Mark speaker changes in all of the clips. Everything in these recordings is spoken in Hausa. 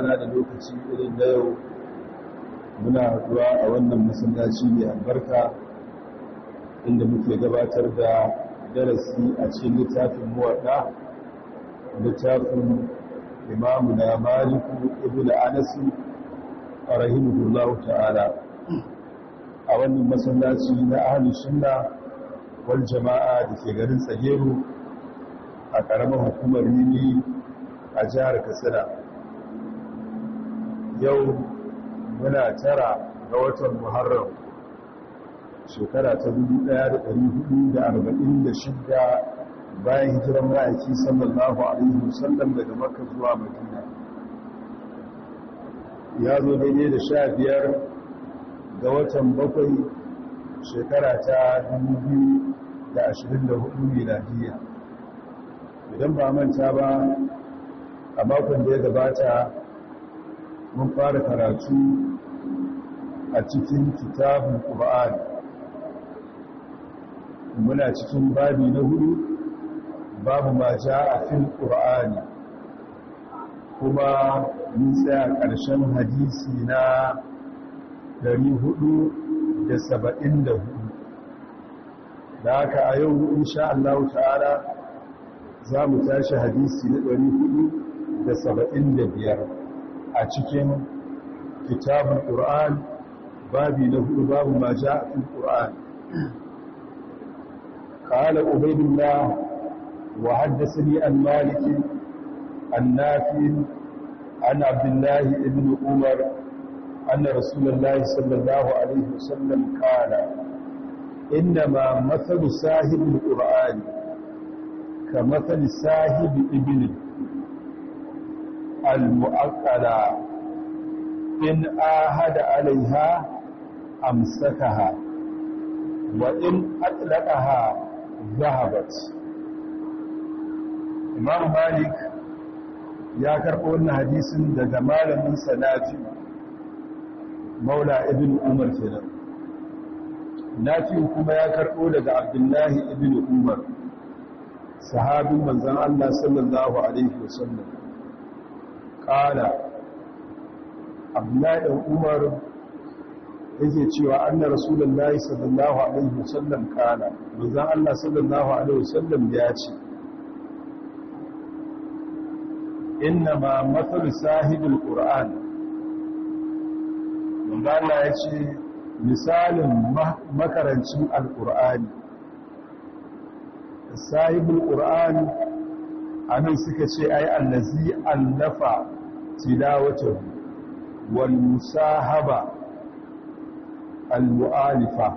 Speaker 1: rana da lokaci irin da yau muna haɗuwa a wannan masallaci mai albarka inda muke gabatar da darasi a cikin littafin muwaɗa littafin imamu na maliku da anasi a Rahimu ta'ala a wannan masallaci na ahlus sunna wal jama'a da ke garin tsageru a ƙaramar hukumar nini a jihar katsina yau muna tara ga watan muharram shekara ta 1446 bayan hijiran ma'aiki sallallahu alaihi wasallam daga makka zuwa madina ya zo daidai da sha biyar ga watan bakwai shekara ta 2024 miladiyya idan ba manta ba a makon da ya gabata mun fara karatu a cikin kitabun ƙura'an muna cikin babi na hudu babu ma ja a fil ƙura'ani kuma mun tsaya ƙarshen hadisi na 474 da haka a yau in sha Allah ta'ala za mu tashi hadisi na 475 a cikin kitabun ƙur'an babi na hudu babu ma ja a cikin ƙur'an ƙala ubaidullah wa haddasa ni an maliki an nafi an abdullahi ibn umar أن رسول الله صلى الله عليه وسلم قال إنما مثل ka القرآن كمثل صاحب Almu'aƙala muakkada in ahada alaiha amsakaha wa in ha zahabat Imam Malik ya karɓo wani hadisin daga malamin Sanati Maula ibn Umar kenan Nafi kuma ya karɓo daga Abdullahi ibn Umar sahabin manzon Allah sallallahu alaihi wasallam ƙala abdullahi ɗan umar yake cewa da anna rasulullahi sallallahu alaihi wasallam ƙala manzan allah sallallahu alaihi wasallam ya ce inna ma matsar sahibin ƙura'an manzan allah ya ce misalin makarancin alƙura'ani sahibul ƙur'an a nan suka ce ai allazi allafa tilawatahu wal musahaba al mu'alifa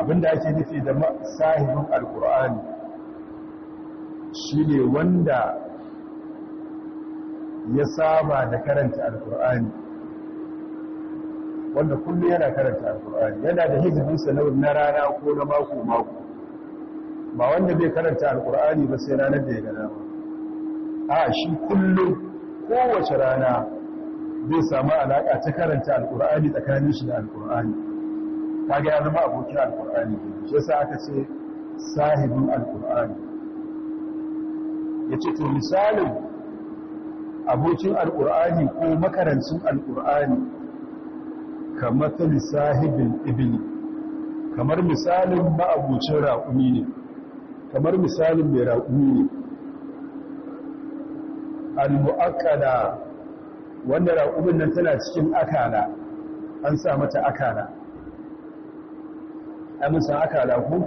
Speaker 1: abinda ake nufi da sahibin alqur'ani shine wanda ya saba da karanta alqur'ani wanda kullum yana karanta alkur'ani yana da hizibinsa na rana ko na mako mako ba wanda bai karanta Alƙur'ani ba sai ranar da ya gana ba a shi kullum kowace rana zai samu alaƙa ta karanta alƙur'ani tsakanin shi da alƙur'ani Ta gaya zama abokin alƙur'ani shi sa aka ce sahibin alƙur'ani ce to misalin abokin alƙur'ani ko makarancin alƙur'ani kamar sahibin ibni kamar misalin ma'abucin raƙumi ne kamar misalin mai raƙumi ne al-mu'akkada wanda raƙumin nan tana cikin akala an sa mata akala an sa akala ku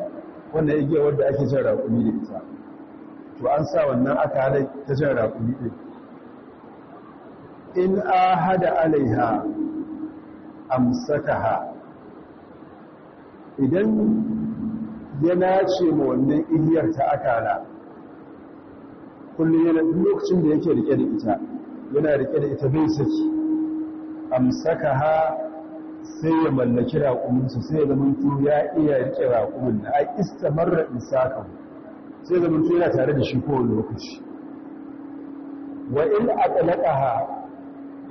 Speaker 1: wanda yake wanda ake jan raqubi da ita to an sa wannan akala ta jan raqubi din in ahada alaiha amsakaha idan ya nace mu wannan iliyar ta akala kullum yana duk lokacin da yake rike da ita yana rike da ita bai saki amsaka ha sai ya mallaki raƙuminsa sai ya zamantu ya iya rike raƙumin da a da isaka sai ya zamantu yana tare da shi kowane lokaci wa in aqlaqa ha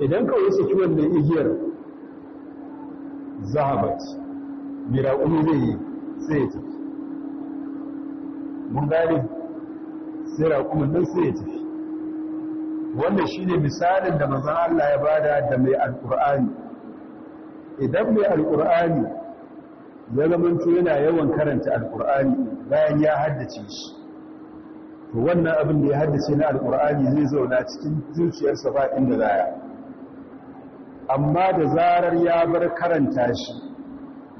Speaker 1: idan ka wuce ki wannan igiyar zahabat bi raƙumi zai yi sai ya mun gane sai raƙumin nan sai ya tafi wannan shine misalin da mazan Allah ya bada da mai alƙur'ani idan mai alƙur'ani ya zamanto yana yawan karanta alƙur'ani bayan ya haddace shi to wannan abin da ya haddace na alƙur'ani zai zauna cikin zuciyarsa ba inda zaya amma da zarar ya bar karanta shi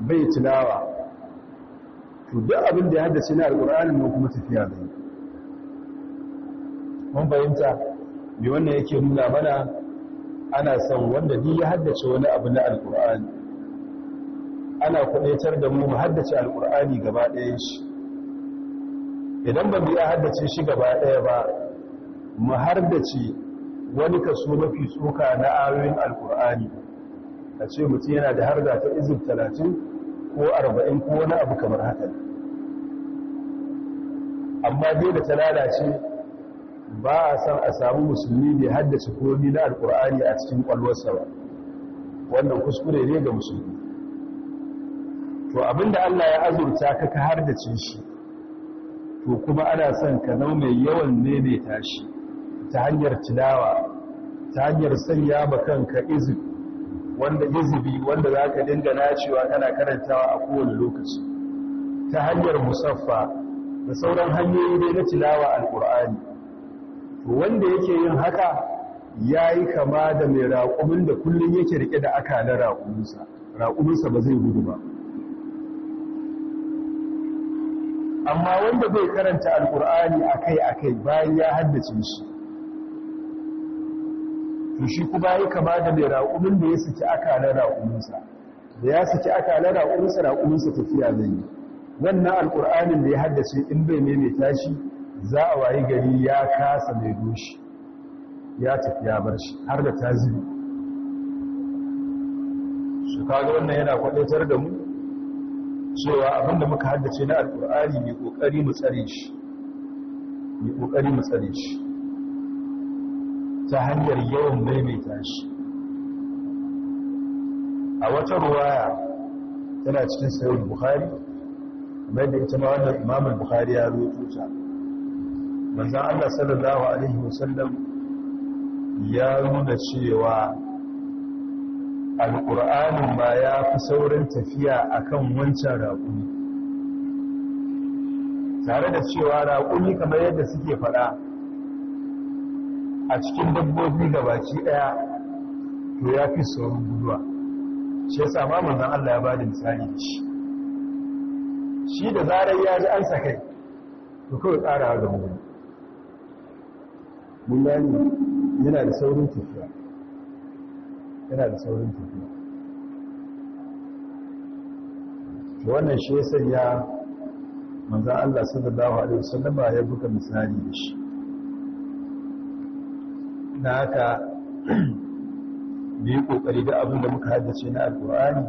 Speaker 1: bai tilawa to duk abin da ya haddace na alƙur'ani ne kuma tafiya zai mun fahimta, me wannan yake nuna mana ana son wanda duk ya haddace wani abu na alkur'ani ana kudaitar da mu mu haddace alkur'ani gaba ɗayan shi idan ba mu ya haddace shi gaba ɗaya ba mu haddace wani kaso mafi tsoka na ayoyin alkur'ani a ce mutum yana da harga ta izin talatin ko arba'in ko wani abu kamar haka amma dai da ta lalace ba a san a samu musulmi bai haddace komi na alkur'ani a cikin kwalwarsa ba wannan kuskure ne ga musulmi to abinda Allah ya azurta ka ka haddace shi to kuma ana son ka nau mai yawan ne tashi ta hanyar tilawa ta hanyar sanya ma kanka wanda izibi wanda za ka dinga nacewa kana karantawa a kowane lokaci ta hanyar musaffa da sauran hanyoyi ne na tilawa alkur'ani wanda yake yin haka ya yi kama da mai raƙumin da kullum yake rike da aka na raƙuminsa raƙuminsa ba zai gudu ba amma wanda bai karanta alƙur'ani kai-a kai bayan ya haddace shi to shi kuma ya kama da mai raƙumin da ya saki aka na raƙuminsa da ya saki aka na raƙuminsa raƙuminsa tafiya zai yi wannan alƙur'anin da ya haddace in bai mai tashi? za a wayi gari ya kasa mai doshi ya tafi ya bar shi har da taziri su kaga wannan yana kwadatar da mu cewa abinda muka haddace na alkur'ani mai kokari mu tsare shi mai kokari mu tsare shi ta hanyar yawan maimaita shi a wata ruwaya tana cikin sayar bukhari kamar da ita ma wannan imamul bukhari ya rubuta manzan Allah sallallahu Alaihi wasallam ya nuna cewa alƙur'anin ba ya fi saurin tafiya a kan wancan raƙuni tare da cewa raƙuni kamar yadda suke faɗa a cikin dabbobi gabaci ɗaya to ya fi saurin guduwa shi yasa ma manzan Allah ya bada da misali shi shi da zarar ya ji an kai, to kawai ƙara ga mutum mun yana da saurin tafiya yana da saurin tafiya wannan shi ya sanya manzan Allah sallallahu alaihi wasallam ya buka misali da shi na haka bi kokari da abin da muka haddace na alkur'ani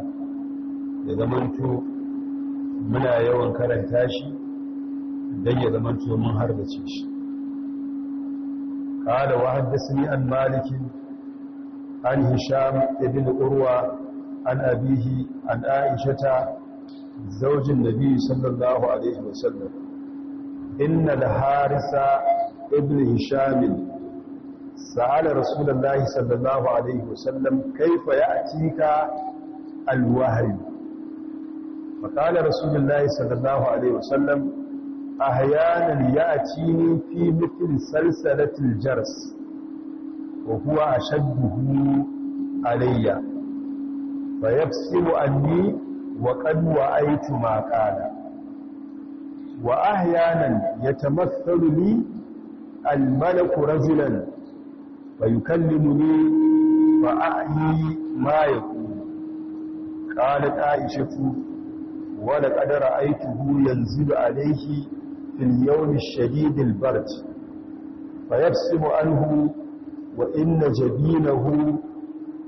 Speaker 1: ya zamanto muna yawan karanta shi don ya zamanto mun harbace shi قال وحدثني عن مالك عن هشام بن عروة عن أبيه عن عائشة زوج النبي صلى الله عليه وسلم إن الحارث ابن هشام سأل رسول الله صلى الله عليه وسلم كيف يأتيك الوهي فقال رسول الله صلى الله عليه وسلم ahyanan ya'tini fi mithl salsalatil jars wa huwa ashadduhu alayya fa yafsilu anni wa qad wa'aytu ma qala wa ahyanan yatamathalu li al-malaku rajulan fa yukallimuni fa a'yi ma yaqulu qalat aishatu wa laqad ra'aytuhu yanzilu alayhi في اليوم الشديد البرد alhu wa وإن جبينه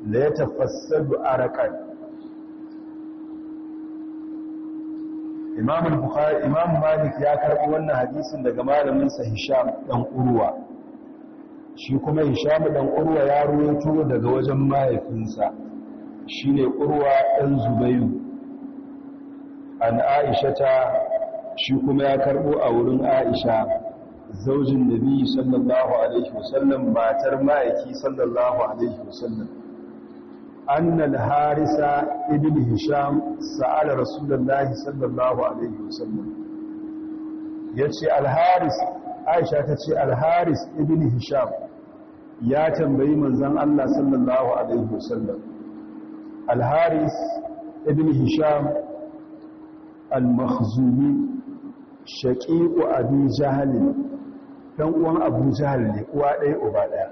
Speaker 1: ليتفسد أرقا Imam Bukhari Imam Malik ya karɓi wannan hadisin daga malaminsa Hisham dan shi kuma Hisham dan Urwa ya ruwaito daga wajen mahaifinsa shine Urwa dan Zubairu, an Aisha ta shi kuma ya karbo a wurin Aisha zaujin Nabi sallallahu alaihi wasallam matar ma'aiki sallallahu alaihi wasallam annal harisa ibn hisham sa'ala rasulullahi sallallahu alaihi wasallam yace al-haris Aisha tace al-haris ibn hisham ya tambayi manzon Allah sallallahu alaihi wasallam al-haris ibn hisham al-makhzumi shaƙiƙu abi jahali ɗan uwan abu jahali ne uwa ɗaya uba ɗaya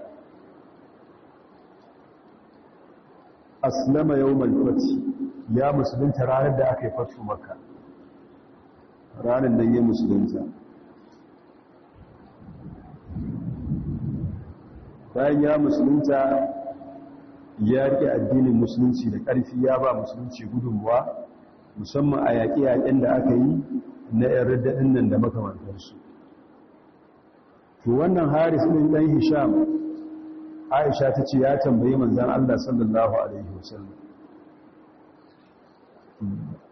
Speaker 1: aslama yau mai fati ya musulunta ranar da aka yi fatu maka ranar nan ya musulunta bayan ya musulunta ya riƙe addinin musulunci da ƙarfi ya ba musulunci gudunmuwa musamman a yaƙi-yaƙen da aka yi na yarda nan da makamantarsu to wannan haris ɗin ɗan hisham aisha ta ce ya tambayi manzan allah sallallahu alaihi wasallam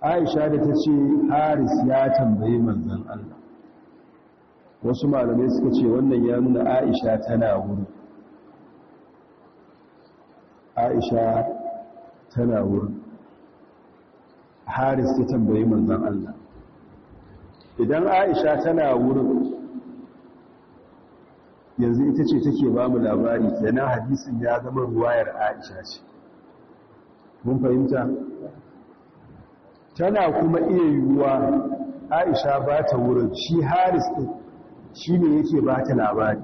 Speaker 1: aisha da ta ce haris ya tambayi manzan allah wasu malamai suka ce wannan ya nuna aisha tana wuri aisha tana wuri haris ta tambayi manzan allah idan aisha tana wurin yanzu ita ce take ba mu labari kenan hadisin ya zama ruwayar aisha ce mun fahimta tana kuma iya yiwuwa aisha ba ta wurin shi haris ɗin shi ne yake ba ta labari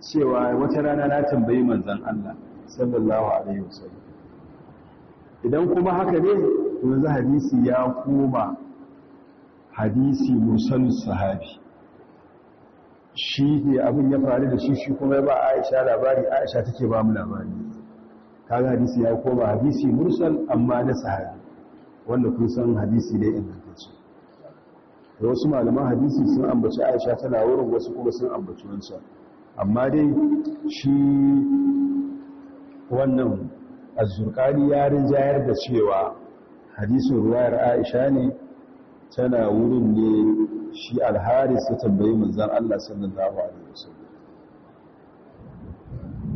Speaker 1: cewa wata rana na tambayi manzan allah sallallahu alaihi wasallam idan kuma haka ne yanzu hadisi ya koma hadisi musan sahabi shi ne abin ya faru da shi shi kuma ba aisha labari aisha take ba mu labari kaga hadisi ya koma hadisi mursal amma na sahabi wanda kun san hadisi ne ingantacce da wasu malaman hadisi sun ambaci aisha tana wurin wasu kuma sun ambaci wancan amma dai shi wannan azurkani ya rinjayar da cewa hadisin ruwayar aisha ne tana wurin ne shi alharis ya tambayi manzan Allah sallallahu alaihi wasallam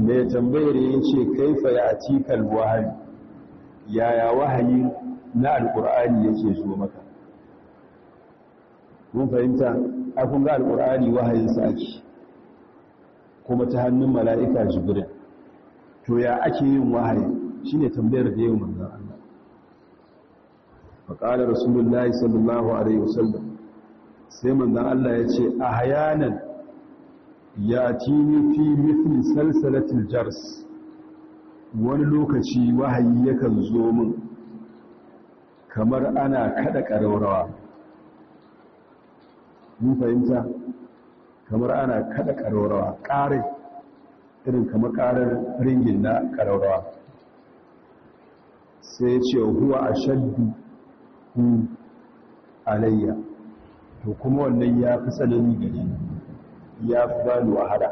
Speaker 1: mai tambayar yin ce kaifa ya atikal wahayi yaya wahayi na alkur'ani yake zo maka mun fahimta a kun ga alkur'ani wahayinsa ake kuma ta hannun mala'ika jibril to ya ake yin wahayi shine tambayar da yau manzan Allah faƙalar rasulullahi sallallahu alaihi wasallam sai manzan Allah ya ce a hayanan ya tini fi mithli salsalatil jars wani lokaci wahayi yakan zo min kamar ana kada ƙararrawa mun fahimta kamar ana kada ƙararrawa ƙare irin kamar ƙarar ringin na ƙararrawa sai ce huwa a ashaddu alayya to kuma wannan ya fi tsanani gare ya fi ba ni wahala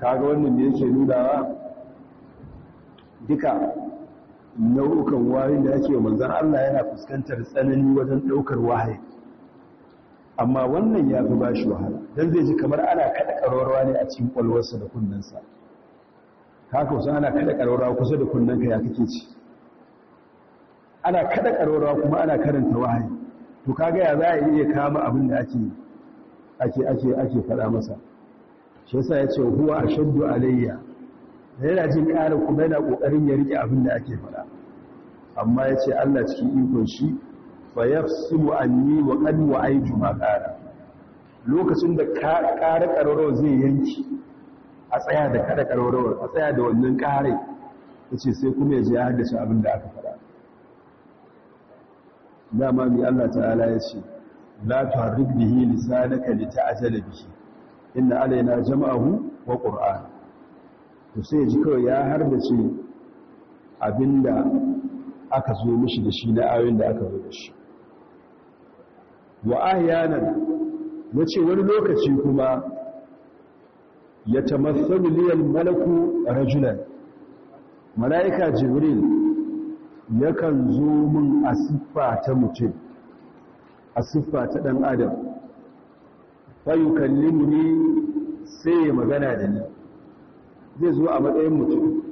Speaker 1: kaga wannan da yake nudawa? duka nau'ukan wayoyin da ake manzan Allah yana fuskantar tsanani wajen ɗaukar wahayi amma wannan ya fi ba shi wahala don zai ji kamar ana kada ƙararwa ne a cikin ƙwalwarsa da kunnensa haka wasu ana kada ƙararwa kusa da kunnenka ya kake ci ana kada karorawa kuma ana karanta wahayi to kaga ya za a iya kama abin da ake ake ake ake faɗa masa shi yasa ya ce huwa ashaddu alayya da yana jin ƙara kuma yana ƙoƙarin ya rike abin da ake faɗa amma ya ce Allah cikin ikon shi fa yafsimu anni wa qad aitu ma qara lokacin da ƙara ƙararrawa zai yanki a tsaya da kada ƙararrawar a tsaya da wannan ƙarai yace sai kuma ya je ya haddace abin da aka faɗa dama mai Allah ta'ala ya ce la tuharrik bihi lisanaka lita'jala bihi inna alaina jama'ahu wa qur'an to sai ji kawai ya harbace abinda aka zo mishi da shi na ayoyin da aka zo da shi wa ahyanan yace wani lokaci kuma ya tamassalu liyal malaku rajulan malaika jibril yakan zo min a siffa ta mutum a siffa ta ɗan adam fayukallimu ne sai ya magana da ni zai zo a matsayin mutum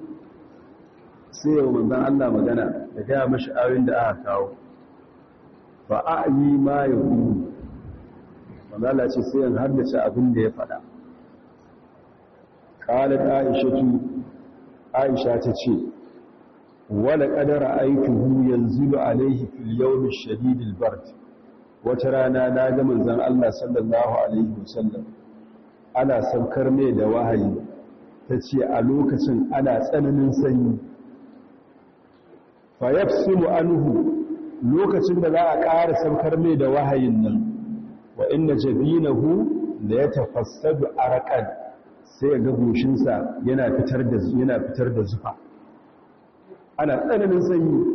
Speaker 1: sai ya magana Allah magana da gaya mashi ayoyin da aka kawo ba a yi ma ya hudu manzala ce sai yin shi abin da ya faɗa ƙalar aisha aisha ta ce wala ƙadara aikuhu yanzu alaihi fil yawmi shadidil bard wata rana na ga manzon Allah sallallahu alaihi wasallam ana saukar mai da wahayi tace a lokacin ana tsananin sanyi fa yafsilu anhu lokacin da za a ƙara saukar mai da wahayin nan wa inna jabinahu la yatafassadu arqad sai ga goshinsa yana fitar da yana fitar da zufa ana tsananin sanyi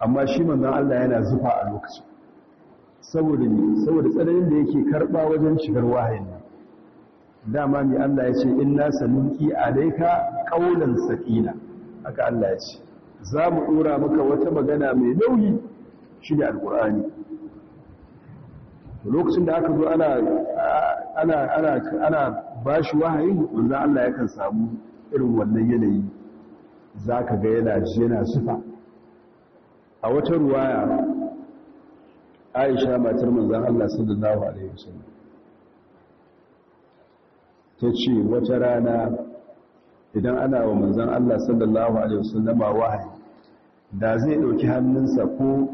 Speaker 1: amma shi manzan Allah yana zufa a lokacin saboda ne saboda tsananin da yake karɓa wajen shigar wahayin dama mai Allah ya ce inna sanuki alaika qaulan saqila haka Allah ya ce za mu dora maka wata magana mai nauyi shi ne alqur'ani lokacin da aka zo ana ana ana ana bashi wahayi manzo Allah yakan samu irin wannan yanayi za ka ga yana ji yana sufa a wata ruwaya aisha matar manzan allah sallallahu alaihi wasallam ta ce wata rana idan ana wa manzan allah sallallahu alaihi wasallama wahayi da zai ɗauki hannunsa ko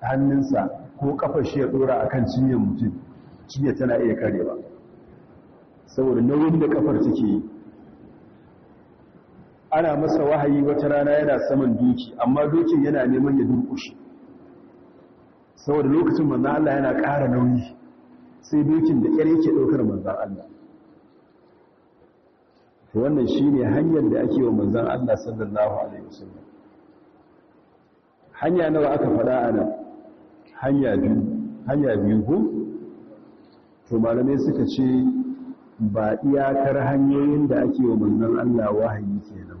Speaker 1: hannunsa ko kafar shi ya ɗora akan cinyar mutum cinyar tana iya karewa saboda nauyin da kafar take yi ana masa wahayi wata rana yana saman doki amma dokin yana neman ya durkushe saboda lokacin manzan Allah yana ƙara nauyi sai dokin da ƙyar yake ɗaukar manzan Allah wannan shi ne hanyar da ake wa manzan Allah sallallahu Alaihi wasallam hanya nawa aka faɗa a nan hanya biyu hanya biyu ko to malamai suka ce ba iyakar hanyoyin da ake wa manzan Allah wahayi kenan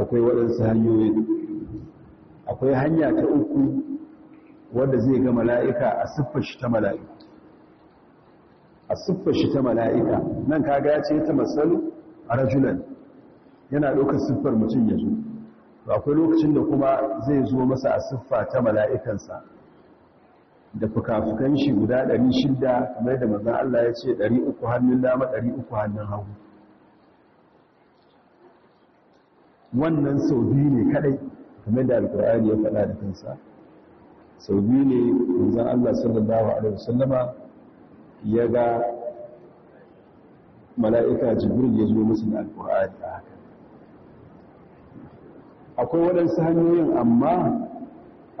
Speaker 1: akwai waɗansu hanyoyi akwai hanya ta uku wanda zai ga mala'ika a siffar shi ta mala'ika a siffar shi ta mala'ika nan kaga ya ce ta matsalu a rajulan yana ɗaukar siffar mutum ya zo akwai lokacin da kuma zai zo masa a siffa ta mala'ikansa da fuka-fukan shi guda 600 kamar da maza Allah ya ce 300 hannun dama 300 hannun hagu wannan sau biyu ne kadai kamar da alkur'ani ya faɗa da kansa sau biyu ne wanzan Allah sallallahu alaihi wasallama ya ga mala'ika jibril ya zo musu da alkur'ani a haka akwai waɗansu hanyoyin amma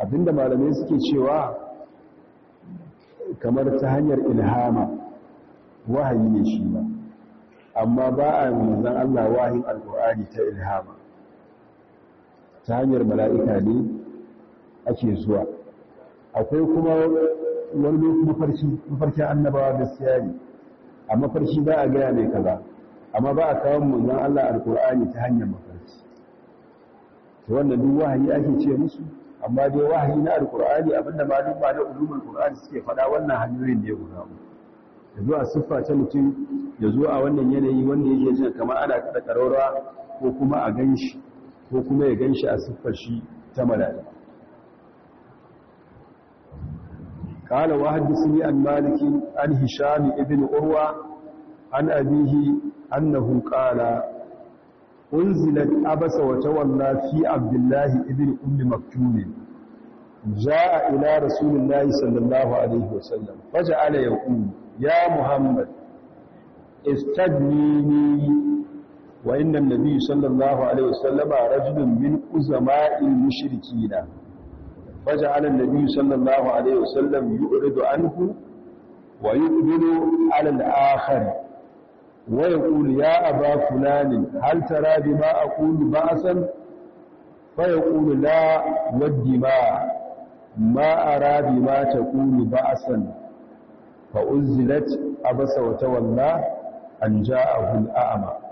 Speaker 1: abinda malamai suke cewa kamar ta hanyar ilhama wahayi ne shi ba amma ba a wanzan Allah wahin alkur'ani ta ilhama ta hanyar mala'ika ne ake zuwa akwai kuma wani mafarki annabawa gaskiya ne a mafarki ba a gaya mai kaza amma ba a kawo manzon Allah alkur'ani ta hanyar mafarki to wannan duk wahayi ake ce musu amma dai wahayi na alkur'ani abinda ma duk ba da ulumul qur'ani suke faɗa wannan hanyoyin da ya guda ya zo a siffa ta mutum ya zo a wannan yanayi wanda ya yake jin kamar ana kada ko kuma a gan shi. ko kuma ya gan shi a siffar shi ta malaya ƙala wa haddisi ne an maliki an urwa an abihi an na hunƙala ƙunzilar abasa wata wanda fi abdullahi ibn umar maktumi za a ila rasulun layi sallallahu alaihi wasallam faja ala ya ƙunu ya muhammad وإن النبي صلى الله عليه وسلم رجل من أزماء المشركين فجعل النبي صلى الله عليه وسلم يؤرد عنه ويقبل على الآخر ويقول يا أبا فلان هل ترى بما أقول بأسا فيقول لا والدماء ما أرى بما تقول بأسا فأزلت أبس وتولى أن جاءه الأعمى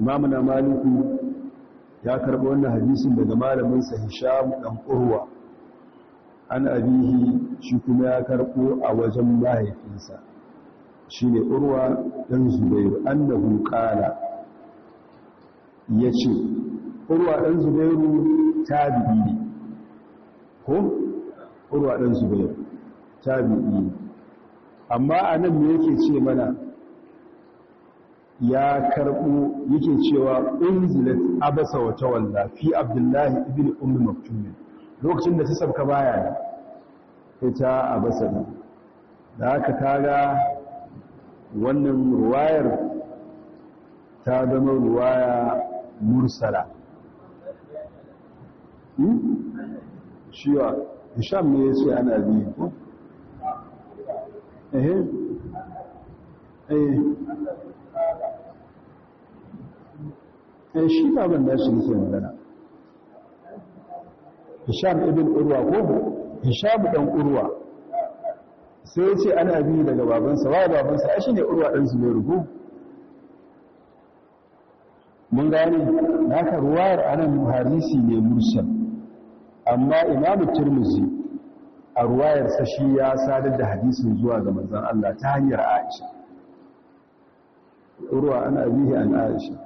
Speaker 1: imamu na ya karɓi wannan hadisin daga sa hisham dan urwa an abihi shi kuma ya karɓo a wajen mahaifinsa shi ne urwa dan zubairu annahu ƙala ya ce urwa dan zubairu tabi'i ne ko urwa dan zubairu tabi'i amma anan me yake ce mana ya karbo yake cewa unzilat abasa wa tawalla fi abdullahi ibn Ummi maktum lokacin da ta sabka baya sai ita abasa da haka kaga wannan ruwayar ta zama ruwaya mursala hmm? shiwa eh shi baban da shi yake magana hisham ibn urwa ko hisham dan urwa sai ya ce ana bi daga babansa wa babansa ai shine urwa dan ne rubu? mun gane haka ruwayar anan muharisi ne mursal amma imamu tirmizi a ruwayarsa shi ya sadar da hadisin zuwa ga manzon Allah ta hanyar Aisha Urwa ana bihi an Aisha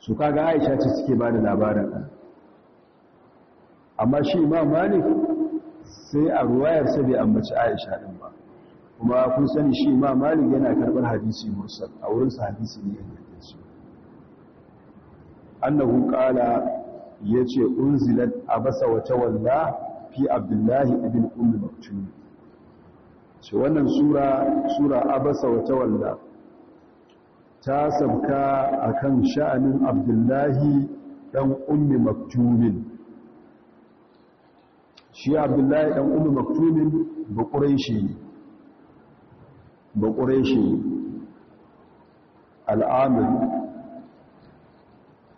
Speaker 1: su kaga aisha ce suke ba da labarin amma shi imam malik sai a ruwayarsa bai ambaci aisha din ba kuma kun sani shi imam malik yana karbar hadisi mursal a wurin wurinsa hadisi ne yake shi annahu qala yace unzilat abasa wa tawalla fi abdullahi ibn ummi maktum shi wannan sura sura abasa wa tawalla ta sabka akan sha'anin abdullahi dan ummi maktumin shi abdullahi dan ummi maktumin ba quraishi ba quraishi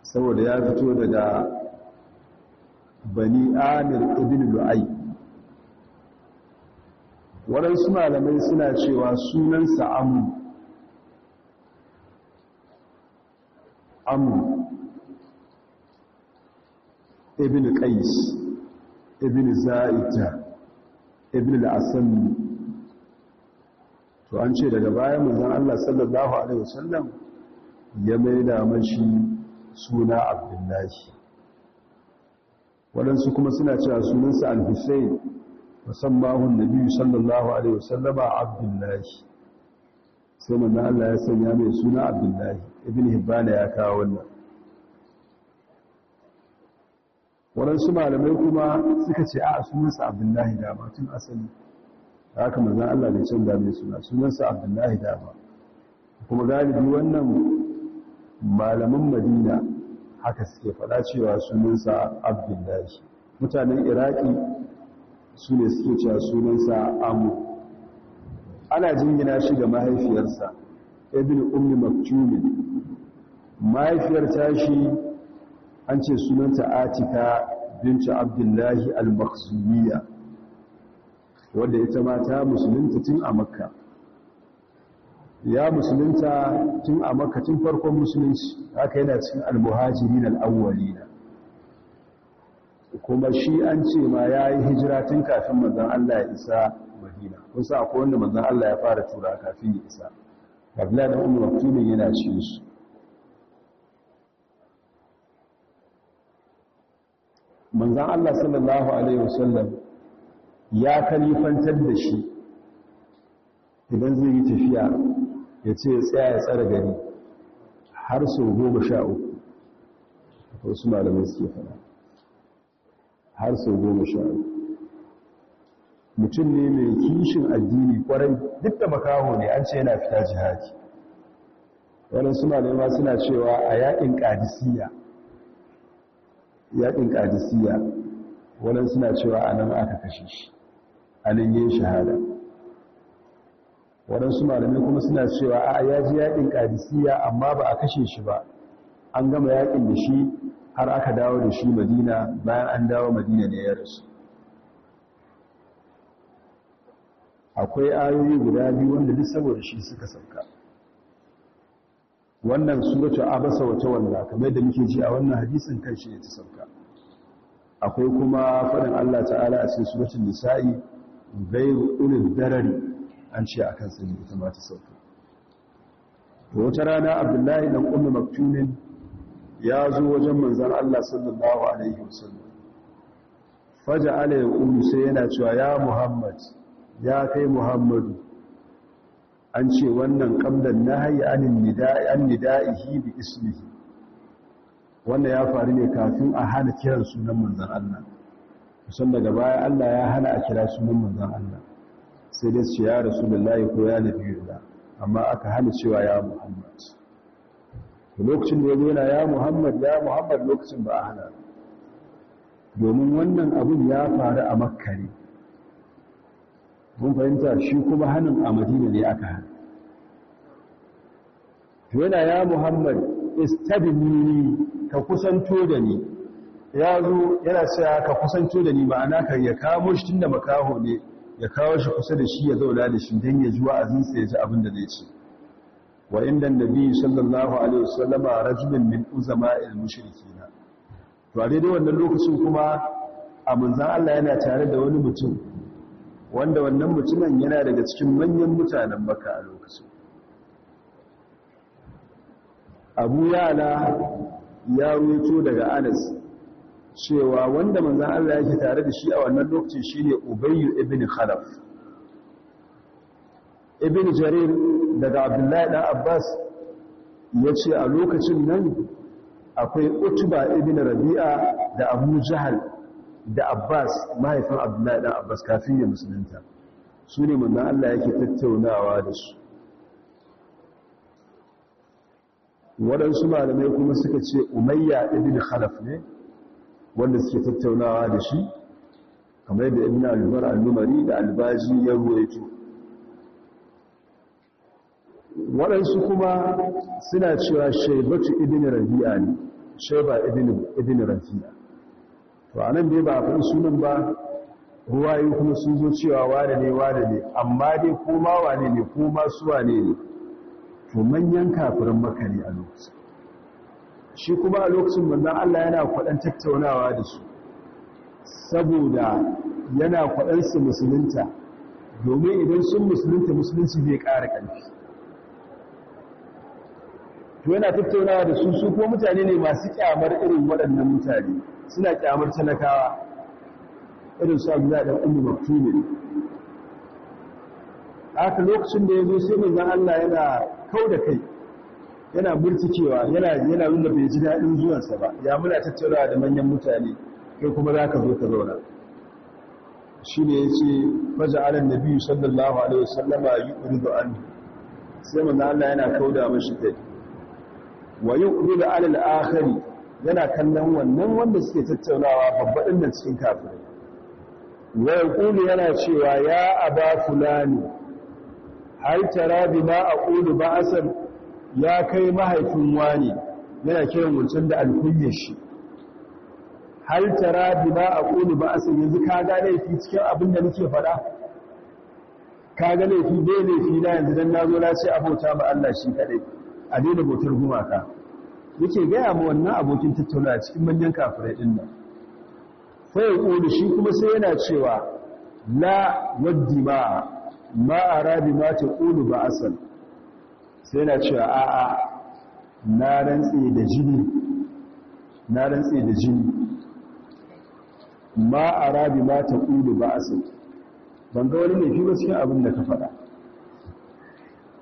Speaker 1: saboda ya fito daga bani amir ibn lu'ay waɗansu malamai suna cewa sunansa Amur. amru ibn qais ibn za'ita ibn al-asam to an ce daga baya manzon Allah sallallahu alaihi wasallam ya maida mashi suna abdullahi waɗansu kuma suna cewa sunansa al-husayn musammahun nabi sallallahu alaihi wasallama abdullahi sai manzon Allah ya sanya mai suna abdullahi ibn hibban ya kawo wannan waɗansu malamai kuma suka ce a sunansa abdullahi da ba tun asali haka manzan allah da can mai suna sunansa abdullahi da ba. kuma galibi wannan Malamin madina haka suke faɗa cewa sunansa abdullahi mutanen iraki su ne suke cewa sunansa amu ana jingina shi ga mahaifiyarsa ibn ummi maktumin mahaifiyar tashi an ce sunanta atika binci abdullahi al-maksumiya wanda ita ma ta musulunta tun a makka ya musulunta tun a makka tun farkon musulunci haka yana cikin al-muhajirin al-awwalina kuma shi an ce ma ya yi hijira tun kafin manzan Allah ya isa madina kun sa akwai wanda manzan Allah ya fara tura kafin ya isa abla da umar maktumin yana cikin su manzan allah sallallahu alaihi wasallam ya kalifantar da shi idan zai yi tafiya ya ce ya tsaya ya tsara gari har sau goma sha uku wasu malamai suke fara har sau goma sha uku mutum ne mai kishin addini kwarai duk da makaho ne an ce yana fita jihadi wannan suna nema suna cewa a yaƙin ƙadisiyya yaƙin ƙadisiyya wannan suna cewa a aka kashe shi a nan yin shahada waɗansu malamai kuma suna cewa a ya ji yaƙin ƙadisiyya amma ba a kashe shi ba an gama yaƙin da shi har aka dawo da shi madina bayan an dawo madina ne ya rasu akwai ayoyi guda biyu wanda duk saboda shi suka sauka wannan suratu abasa wata wanda kamar da muke ji a wannan hadisin kan shi ne ta sauka akwai kuma faɗin Allah ta'ala a cikin suratul nisa'i ghayru ulil darari an ce akan sani ita ma ta sauka to wata rana Abdullahi dan Ummu Maktumin ya zo wajen manzon Allah sallallahu alaihi wasallam faja ala ya ummu sai yana cewa ya Muhammad ya kai muhammadu an ce wannan ƙabdan na haya an nida'ihi bi ismihi wannan ya faru ne kafin a hana kiran sunan manzan Allah kusan daga baya Allah ya hana a kira sunan manzan Allah sai dai su ya layi ko ya nafi yadda, amma aka hana cewa ya muhammad lokacin da ya zo ya muhammad ya muhammad lokacin ba a hana domin wannan abun ya faru a Makare. mun fahimta shi kuma hannun a madina ne aka hana yana ya muhammad istabini ka kusanto da ni ya zo yana cewa ka kusanto da ni ma'ana ka ya kawo shi tun da makaho ne ya kawo shi kusa da shi ya zauna da shi don ya ji wa'azinsa ya ji abin da zai ce wa inda nabi sallallahu alaihi wasallama rajulun min uzama'il mushrikina to a daidai wannan lokacin kuma a manzan Allah yana tare da wani mutum wanda wannan mutumin yana daga cikin manyan mutanen maka a lokacin abu yana ya roto daga anas cewa wanda manzan allah yake tare da shi a wannan lokacin shi ne ubayyu ibn khalaf ibn jarir daga abdullahi ɗan abbas ya ce a lokacin nan akwai utuba ibn rabi'a da abu jahal da abbas mahaifin abdullahi da abbas kafin ya musulunta su ne manna allah yake tattaunawa da su waɗansu malamai kuma suka ce umayya ibn khalaf ne wanda suke tattaunawa da shi kamar da ibn al-bar al-numari da albaji ya ruwaito waɗansu kuma suna cewa shaibatu ibn rabi'a ne shaiba ibn rabi'a to nan dai ba a faɗi sunan ba ruwaye kuma sun zo cewa wane ne wane ne amma dai kuma wane ne kuma su wane ne to manyan kafirin maka ne a lokacin shi kuma a lokacin manzan Allah yana kwaɗan tattaunawa da su saboda yana kwaɗansu musulunta domin idan sun musulunta musulunci zai ƙara ƙarfi to yana tattaunawa da su su ko mutane ne masu kyamar irin waɗannan mutane suna kyamar talakawa irin su abu da ummu maktumi haka lokacin da ya zo sai manzon Allah yana kau da kai yana burtikewa yana yana nuna bai ji daɗin zuwansa ba ya muna tattaunawa da manyan mutane kai kuma za ka zo ka zauna shi ne ya ce faja sallallahu alaihi wasallama yi an sai manzon Allah yana kauda mashi kai wa yu'ridu da alal akhari yana kallon wannan wanda suke tattaunawa babbaɗin da cikin kafirai wa yaqulu yana cewa ya aba fulani hal tara bima aqulu ba'asan ya kai mahaifin wani yana kiran wancan da alkunyar shi hal tara bima aqulu ba'asan yanzu ka ga laifi cikin abin da nake faɗa ka ga laifi bai laifi na yanzu dan nazo na ce abota ma Allah shi kadai a daina bautar gumaka yake gaya ma wannan abokin tattauna a cikin manyan kafirai din nan sai ya ƙoli shi kuma sai yana cewa la waddi ma ma arabi ma ta ƙulu ba asal sai yana cewa a a na rantse da jini na rantse da jini ma arabi ma ta ƙulu ba asal ban ga wani laifi ba cikin abin da ka faɗa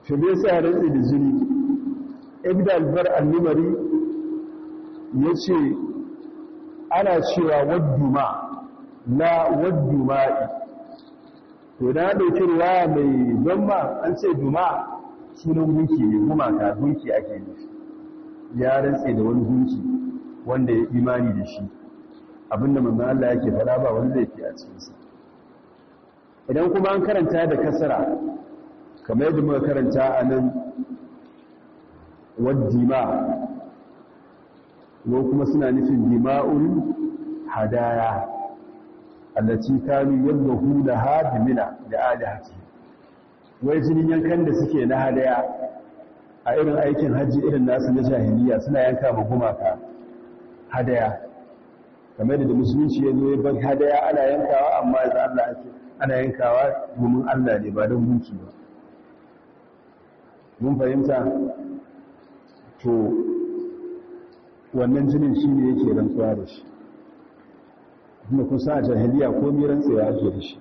Speaker 1: shi bai sa rantse da jini ibn albar annumari ya ce ana cewa wadduma na wadduma'i to da ɗauki ruwa mai zama an ce duma sunan gunki ne gumaka gunki ake nufi ya rantse da wani gunki wanda ya imani da shi abinda manzo Allah yake fara ba wani laifi a sa idan kuma an karanta da kasara kamar yadda muka karanta a nan wajima ko kuma suna nufin dima'ul hadaya allaci kanu yadda da hadimina da alihati wai jinin yankan da suke na hadaya a irin aikin hajji irin nasu na jahiliya suna yanka ma gumaka hadaya kamar da musulunci ya zo ya bar hadaya ana yankawa amma yanzu Allah ce ana yankawa domin Allah ne ba don gunki ba mun fahimta to wannan jinin shi ne yake rantsuwa da shi kuma kusa a jahiliya ko miran tsaye ake da shi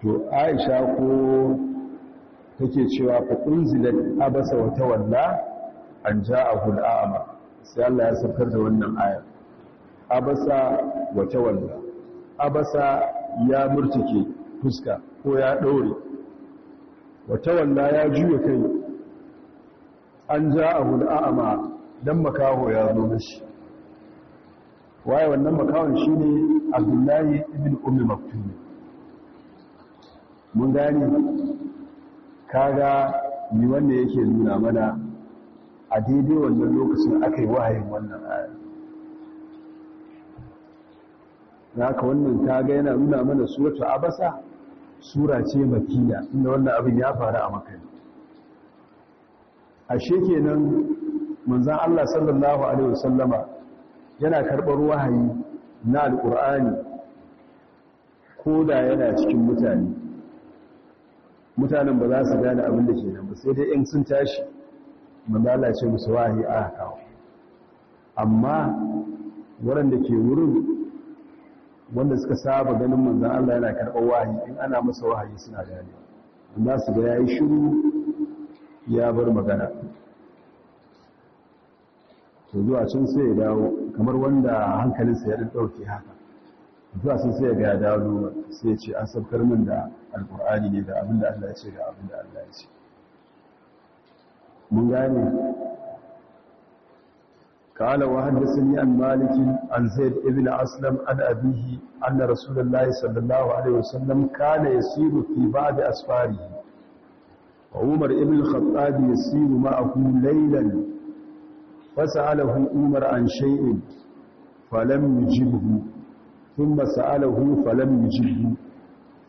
Speaker 1: to aisha ko take cewa fa unzilat abasa wa tawalla an ja'ahu al'ama sai Allah ya saukar da wannan aya abasa wa tawalla abasa ya murtike fuska ko ya daure wata walla ya juya kai an ja a a'ama don makaho ya zo mashi waye wannan makahon shi ne abdullahi ibn umar maktum mun gani kaga ni wanda yake nuna mana a daidai wannan lokacin aka yi wahayin wannan aya da haka wannan kaga yana nuna mana suratu abasa sura ce makiya inda wannan abin ya faru a makai ashe kenan manzan Allah sallallahu alaihi wasallama yana karɓar wahayi na alƙur'ani ko da yana cikin mutane mutanen ba za su gane abin da ke nan ba sai dai in sun tashi manzala ce musu wahayi a kawo amma waɗanda ke wurin wanda suka saba ganin manzan Allah yana karɓar wahayi in ana masa wahayi suna gane za su ga ya yi shiru ya bar magana to zuwa can sai ya dawo kamar wanda hankalinsa ya ɗauke haka zuwa sun sai ya ga ya dawo sai ya ce an sabkar min da alƙur'ani ne da abin da Allah ya ce da abin da Allah ya ce mun gane قال وحدثني عن مالك عن زيد بن أسلم عن أبيه أن رسول الله صلى الله عليه وسلم كان يسير في بعض أسفاره وعمر بن الخطاب يسير معه ليلا فسأله عمر عن شيء فلم يجبه ثم سأله فلم يجبه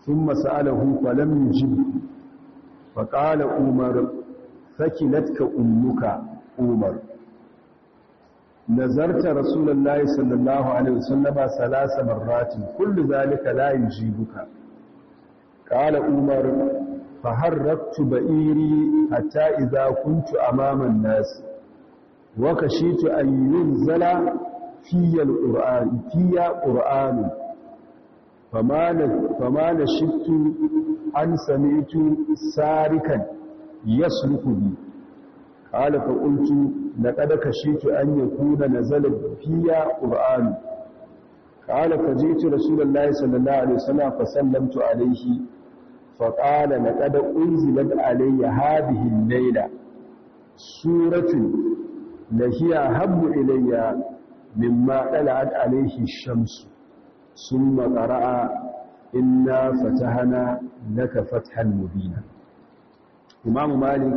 Speaker 1: ثم سأله فلم يجبه فقال عمر فكلتك أمك عمر nazarta rasulullahi sallallahu alaihi wasallam salasa marrati kullu zalika la yujibuka qala umar faharraktu ba'iri hatta iza kuntu amama an-nas wa kashitu an yunzala fiya al-qur'an fiya qur'an fama fama nashittu an sami'tu sarikan yasluku bi qala fa qultu na ƙada ka shiki an yi kuna na zala fiya ƙura'ani ƙala ka ji ci rasulun na yi sallallahu alaihi sana fa sallan tu alaihi fa ƙala na ƙada ƙunzi na da alaiya habihi naira suratu ilayya min ma ɗala ad alaihi shamsu sun maƙara'a inna fatahana naka fatahan mubina imamu malik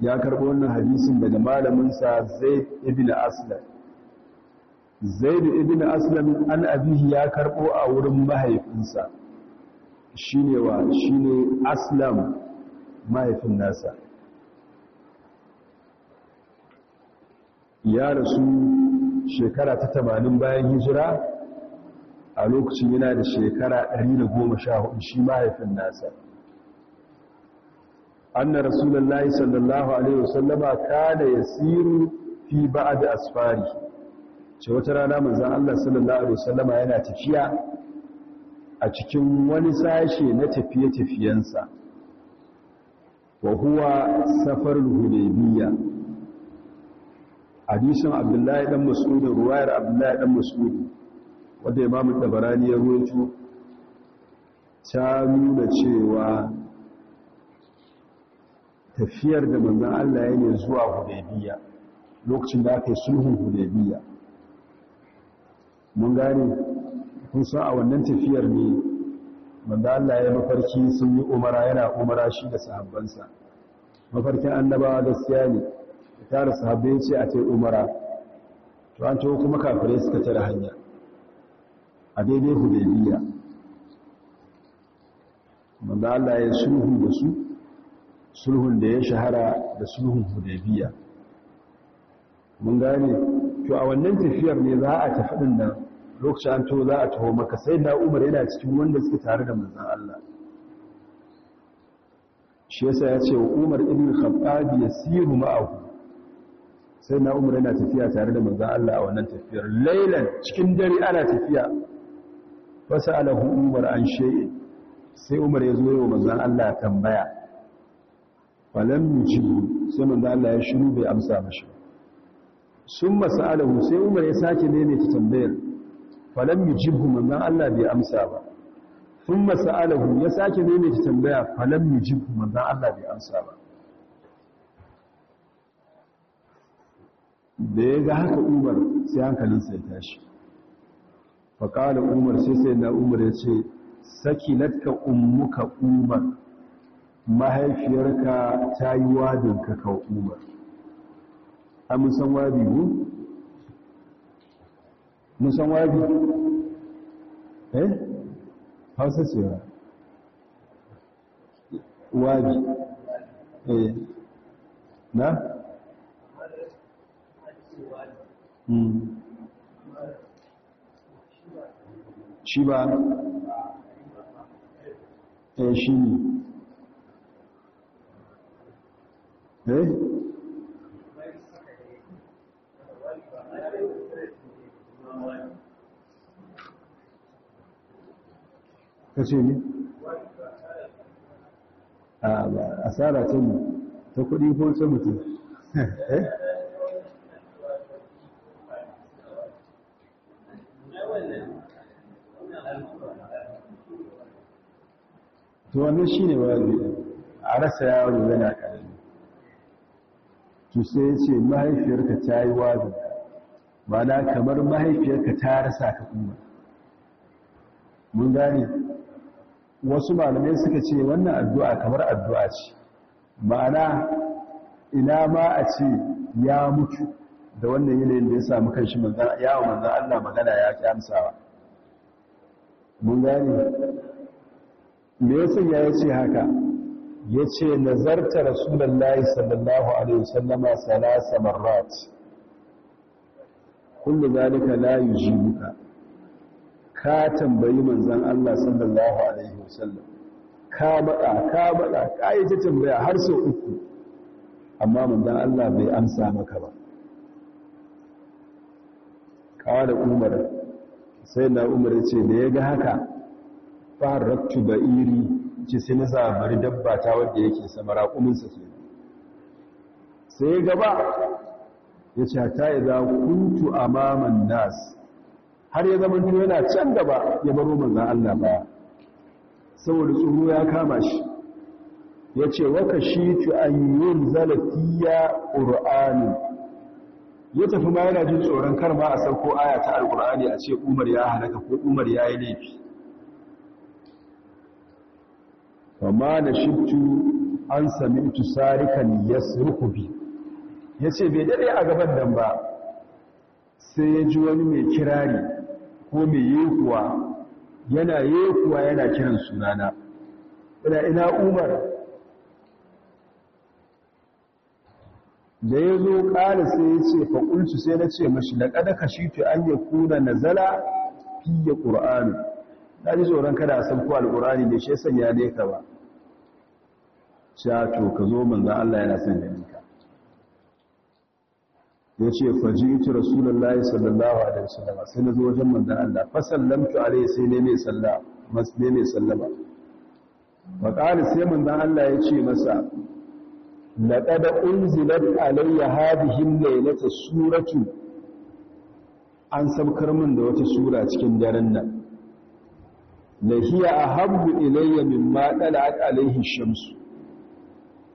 Speaker 1: ya karɓo wannan hadisin daga malaminsa zaid ibn aslam zaid ibn aslam an abihi ya karɓo a wurin mahaifinsa shine wa shine aslam mahaifin nasa ya rasu shekara ta tamanin bayan hijira a lokacin yana da shekara 114 shi mahaifin nasa anna rasulullahi sallallahu alaihi wasallama kana yasiru fi ba'd asfari ce wata rana manzon Allah sallallahu alaihi wasallama yana tafiya a cikin wani sashe na tafiye-tafiyensa Wahuwa huwa safar hudaybiyya hadisin abdullahi dan mas'ud ruwayar abdullahi dan mas'ud wanda imamu tabarani ya ruwaito ta nuna cewa tafiyar da manzan Allah ya ne zuwa hudaybiya lokacin da aka yi sulhun hudaybiya mun gane kun san a wannan tafiyar ne manzan Allah ya mafarki sun yi umara yana umara shi da sahabbansa mafarkin annabawa gaskiya ne tara sahabbai ce a ta umara to an ce kuma kafirai suka tare hanya a daidai hudaybiya manzan Allah ya sulhu da su sulhun da ya shahara da sulhun hudabiya. mun gane to a wannan tafiyar ne za a tafi din nan lokacin an to za a taho maka sai da Umar yana cikin wanda suke tare da manzon Allah shi yasa ya ce wa Umar ibn Khattab yasiru ma'ahu sai na Umar yana tafiya tare da manzon Allah a wannan tafiyar lailan cikin dare ana tafiya fasalahu Umar an shay'in sai Umar ya zo yayin manzan Allah tambaya falam yujibu sai manzo Allah ya shiru bai amsa mashi sun masalahu sai Umar ya sake ta tambayar falam yujibu manzo Allah bai amsa ba sun masalahu ya sake ta tambaya falam yujibu manzo Allah bai amsa ba da ya ga haka Umar sai hankalinsa ya tashi fa kala Umar sai sai na Umar ya ce sakilatka ummuka Umar mahaifiyarka ta yi wadin ka kawo umar an musan wadi ku? musan wadi? eh? hausa cewa wadi eh na? Hmm. shi ba? eh shi ne eh ka ce ne a asara ce mu ta kudi ko ce mutum eh? to wannan shi ne wani a rasa yawon yana ƙarfi to sai ce mahaifiyarka ta yi ba na kamar mahaifiyarka ta rasa ka kuma mun gane wasu malamai suka ce wannan addu'a kamar addu'a ce ma'ana ina ma a ce ya mutu da wannan yanayin da ya samu kanshi yawon manzan Allah magana ya fi amsawa mun gane me ya yi ce haka ya ce nazarta rasulallah sallallahu alaihi wasallama salasa marrat kullu zalika la yujibuka ka tambayi manzon Allah sallallahu alaihi wasallam ka bada ka bada kai ta tambaya har sau uku amma manzon Allah bai amsa maka ba kawai da umar sai na umar ya ce da ya ga haka faraktu ba'iri ce sai na zabari dabba ta wadda yake sama raƙuminsa ke sai ya gaba ya ce ta yi za kuntu a maman nas har ya zama yana can gaba ya baro manzan Allah ba saboda tsoro ya kama shi ya ce waka shi tu an yin zalafiya ƙur'ani ya tafi ma yana jin tsoron karma a sauko aya ta alƙur'ani a ce umar ya halaka ko umar ya yi laifi fama da shiftu an sami tusarikan yasruku bi ya ce bai daɗe a gaban dan ba sai ya ji wani mai kirari ko mai yekuwa yana yekuwa yana kiran sunana ina ina umar da ya zo ƙara sai ya ce fa'ulci sai na ce mashi da ƙada ka shi an ya kuna nazala fiye ta ji tsoron kada a san ko alƙur'ani da shi sanya ya daika ba sha to ka zo manzo Allah yana son da ka ya ce fajitu rasulullahi sallallahu alaihi wasallam sai na zo wajen manzo Allah fa sallamtu alaihi sai ne mai salla mas ne mai sallama fa qala sai manzo Allah ya ce masa laqad unzilat alayya hadhihi al suratu an sabkar min da wata sura cikin daren nan la hiya ahabbu ilayya ma talat alayhi shams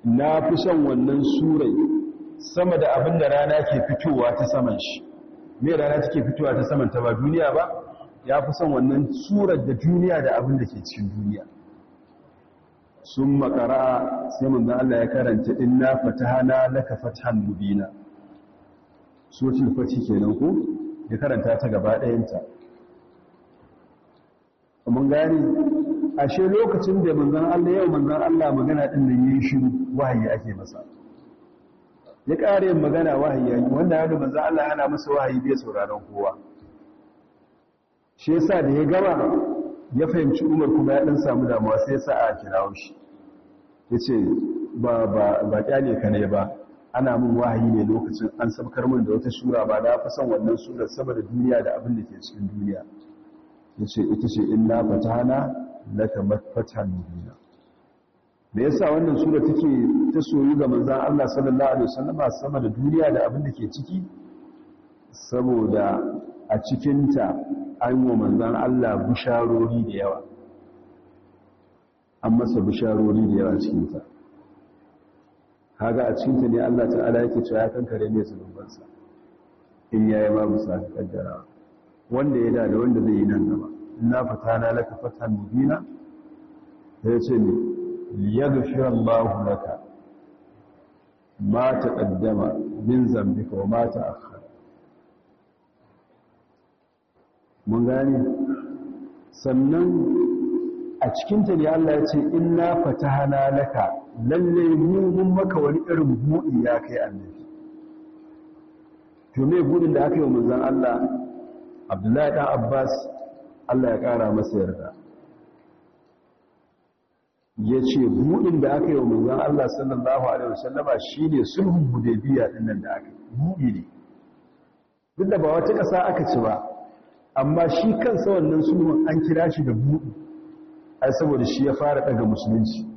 Speaker 1: na fi son wannan surai sama da abin da rana ke fitowa ta saman shi me rana take fitowa ta saman ta ba duniya ba ya fi son wannan surar da duniya da abin da ke cikin duniya sun makara sai manzan Allah ya karanta inna fatahana laka fatahan mubina suratul fati kenan ko ya karanta ta gaba ɗayanta mun gane ashe lokacin da manzan Allah yau manzan Allah magana din da yayi shiru wahayi ake masa ya kare magana wahayi wanda ya manzan Allah yana masa wahayi bai sauraron kowa shi yasa da ya gama ya fahimci Umar kuma ya dan samu damuwa sai yasa a kirawo shi yace ba ba ba kyale ka ne ba ana min wahayi ne lokacin an sabkar min da wata sura ba da fa san wannan sura saboda duniya da abin da ke cikin duniya yace ita ce inna fatana laka mafatan mubina me yasa wannan sura take ta soyu ga manzan Allah sallallahu alaihi wasallam sama da duniya da abin da ke ciki saboda a cikinta an wa manzon Allah bisharori da yawa an masa bisharori da yawa cikinta kaga a cikinta ne Allah ta'ala yake cewa ya kankare ne sa? in yayi babu sa kaddara wanda ya da da wanda zai yi nan gaba fata fatana laka fatan mubina sai ce ne liyaghfira Allahu laka ma taqaddama min zambika wa ma ta'akhkhara mun gane sannan a cikinta ne Allah ya ce inna fatahana laka lalle mu mun maka wani irin buɗi ya kai annabi to me buɗin da aka yi wa manzon Allah abdullahi ɗan abbas allah ya ƙara masa yarda ya ce buɗin da aka yi wa manzan allah sallallahu alaihi wasallama shi ne sulhun hudebiya ɗin nan da aka buɗi ne duk da ba wata ƙasa aka ci ba amma shi kansa wannan sulhun an kira shi da buɗi ai saboda shi ya fara ɗaga musulunci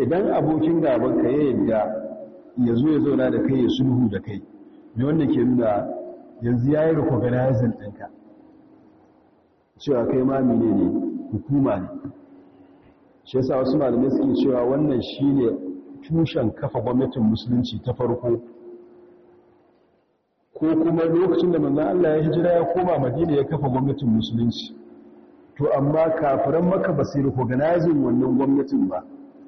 Speaker 1: idan abokin gaban ka ya yadda ya zo ya zauna da kai ya sulhu da kai ne wanda ke nuna yanzu ya yi recognizing ɗinka cewa kai mami ne ne hukuma ne shi sa wasu malamai suke cewa wannan shine tushen kafa gwamnatin musulunci ta farko ko kuma lokacin da manzan Allah ya hijira ya koma Madina ya kafa gwamnatin musulunci to amma kafiran maka ba sai recognize wannan gwamnatin ba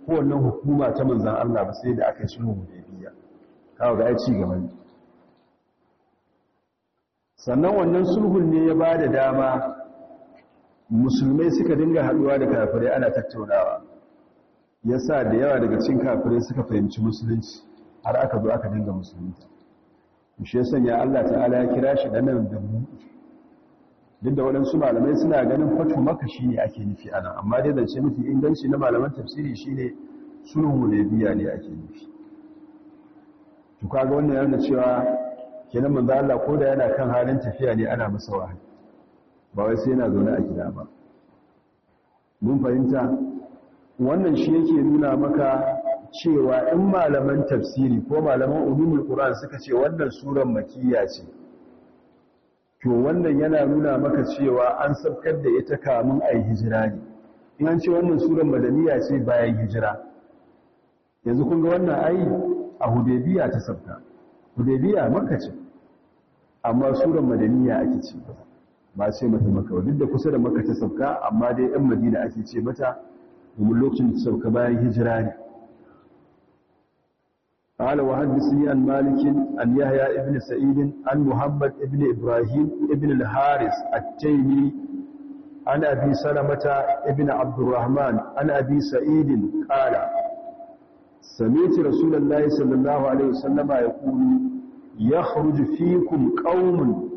Speaker 1: ko wannan hukuma ta manzan Allah ba sai da aka yi sulhu da biya kawo da ya ci gaba ne sannan wannan sulhun ne ya ba da dama musulmai suka dinga haduwa da kafirai ana tattaunawa ya sa da yawa daga cikin kafirai suka fahimci musulunci har aka zo aka dinga musulunci shi sanya Allah ta'ala ya kira shi da nan da mu duk da waɗansu malamai suna ganin fatu maka shi ne ake nufi a nan amma dai zance mafi inganci na malaman tafsiri shi ne sulhu ne biya ne ake nufi to kaga wannan yana cewa kenan manzo Allah ko da yana kan halin tafiya ne ana masa wahayi ba wai sai yana zaune a gida ba mun fahimta wannan shi yake nuna maka cewa in malaman tafsiri ko malaman ulumul qur'an suka ce wannan surar makiyya ce to wannan yana nuna maka cewa an sabkar da ita kamun ai hijira ne in an ce wannan surar madaniya ce bayan hijira yanzu kun ga wannan ai a hudaybiya ta sabta hudaybiya maka ce amma suran madaniya ake ce ba ce mata makka duk da kusa da maka ta sauka amma dai yan madina ake ce mata domin lokacin da sauka bayan hijira ne قال وحدثني عن مالك عن يحيى ابن سعيد عن محمد ابن Ibn ابن الحارث التيمي عن أبي سلمة ابن عبد الرحمن عن أبي سعيد قال سمعت رسول الله صلى الله عليه وسلم يقول يخرج فيكم قوم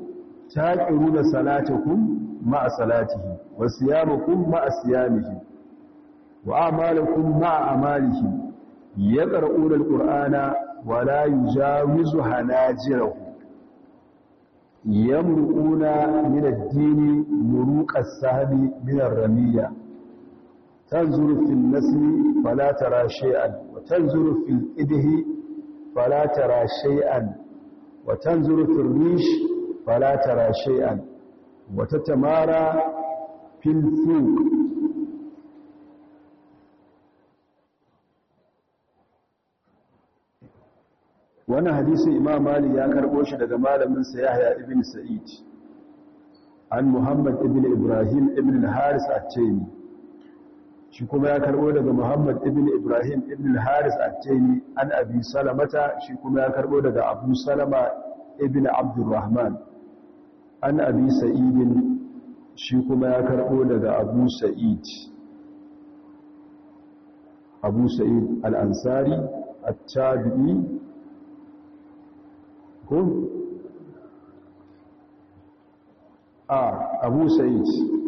Speaker 1: تاكرون صلاتكم مع صلاته وصيامكم مع صيامه وأعمالكم مع أعمالهم يقرؤون القرآن ولا يجاوز حناجره يمرؤون من الدين مروق السهم من الرمية تنظر في النسل فلا ترى شيئا وتنظر في الإبه فلا ترى شيئا وتنظر في الريش فلا ترى شيئا وتتمارى في الفوق wani hadisin imam mali ya karbo shi daga malamin sa yahya ibn sa'id an muhammad ibn ibrahim ibn haris at-taymi shi kuma ya karbo daga Muhammad ibn Ibrahim ibn Haris at-Taymi an Abi Salamata shi kuma ya karbo daga Abu Salama ibn Abdurrahman an Abi Sa'id shi kuma ya karbo daga Abu Sa'id Abu Sa'id al-Ansari at-Tabi'i Kun? a ah, Abu Sa'id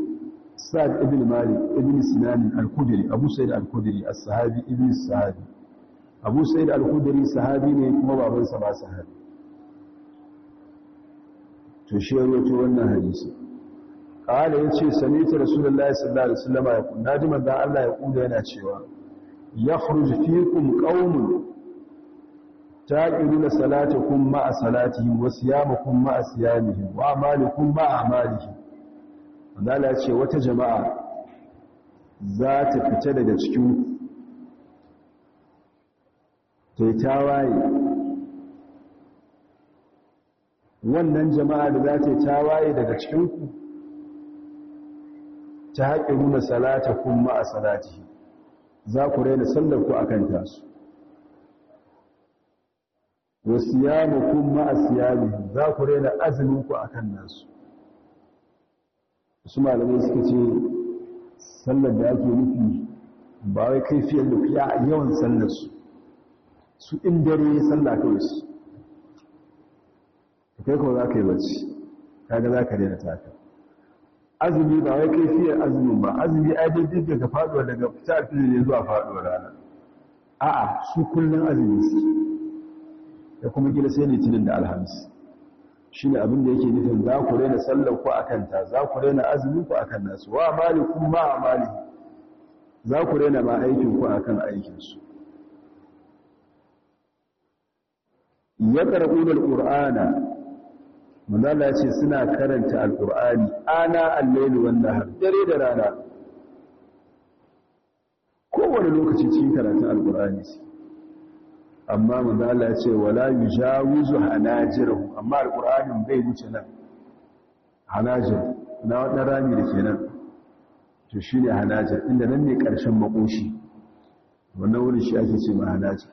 Speaker 1: sa'ad ibn malik ibn sinan al-khudri abu sa'id al-khudri as-sahabi ibn sahabi abu ne kuma babansa ba sahabi to shi ya wannan hadisi qala yace sami'tu rasulullahi sallallahu alaihi wasallam ya kunna ji manzon Allah ya kuda yana cewa yakhruj fiikum qaumun taqiruna salatakum ma'a salatihim wa siyamakum ma'a siyamihim wa a'malukum ma'a a'malihim Allah ya ce wata jama'a za ta fita daga cikin ta yi tawaye wannan jama'a da za ta yi tawaye daga cikinku ta haƙe nuna salata kun a salati za ku raina sallar ku akan tasu wasu yamu kuma a siyami za ku raina ku akan nasu su malamai suka ce sallar da ake nufi ba wai kai fiye da fiya a yawan sallarsu su in dare sallar salla kawai su kai kuma za ka yi bacci kaga za ka daina taka azumi ba wai kai fiye azumin ba azumi ai daidai daga faduwa daga fitar fiye ne zuwa faduwa rana a'a su kullum azumi su da kuma gida sai tunin da alhamis shi ne abin da yake nufin za ku raina sallar ku a kanta za ku raina azumin ku a kan nasu wa kuma ma a za ku rena ma aikin ku a kan aikinsu ya karɓi da ƙur'ana ce suna karanta alƙur'ani ana allaili wanda har dare da rana kowane lokaci cikin karatun alƙur'ani amma manzo Allah ya ce wala yujawizu Hanajiru. amma alqur'anin bai wuce nan hanajir na wadan rami da kenan to shine hanajir inda nan ne karshen makoshi wannan wurin shi ake ce ma hanajir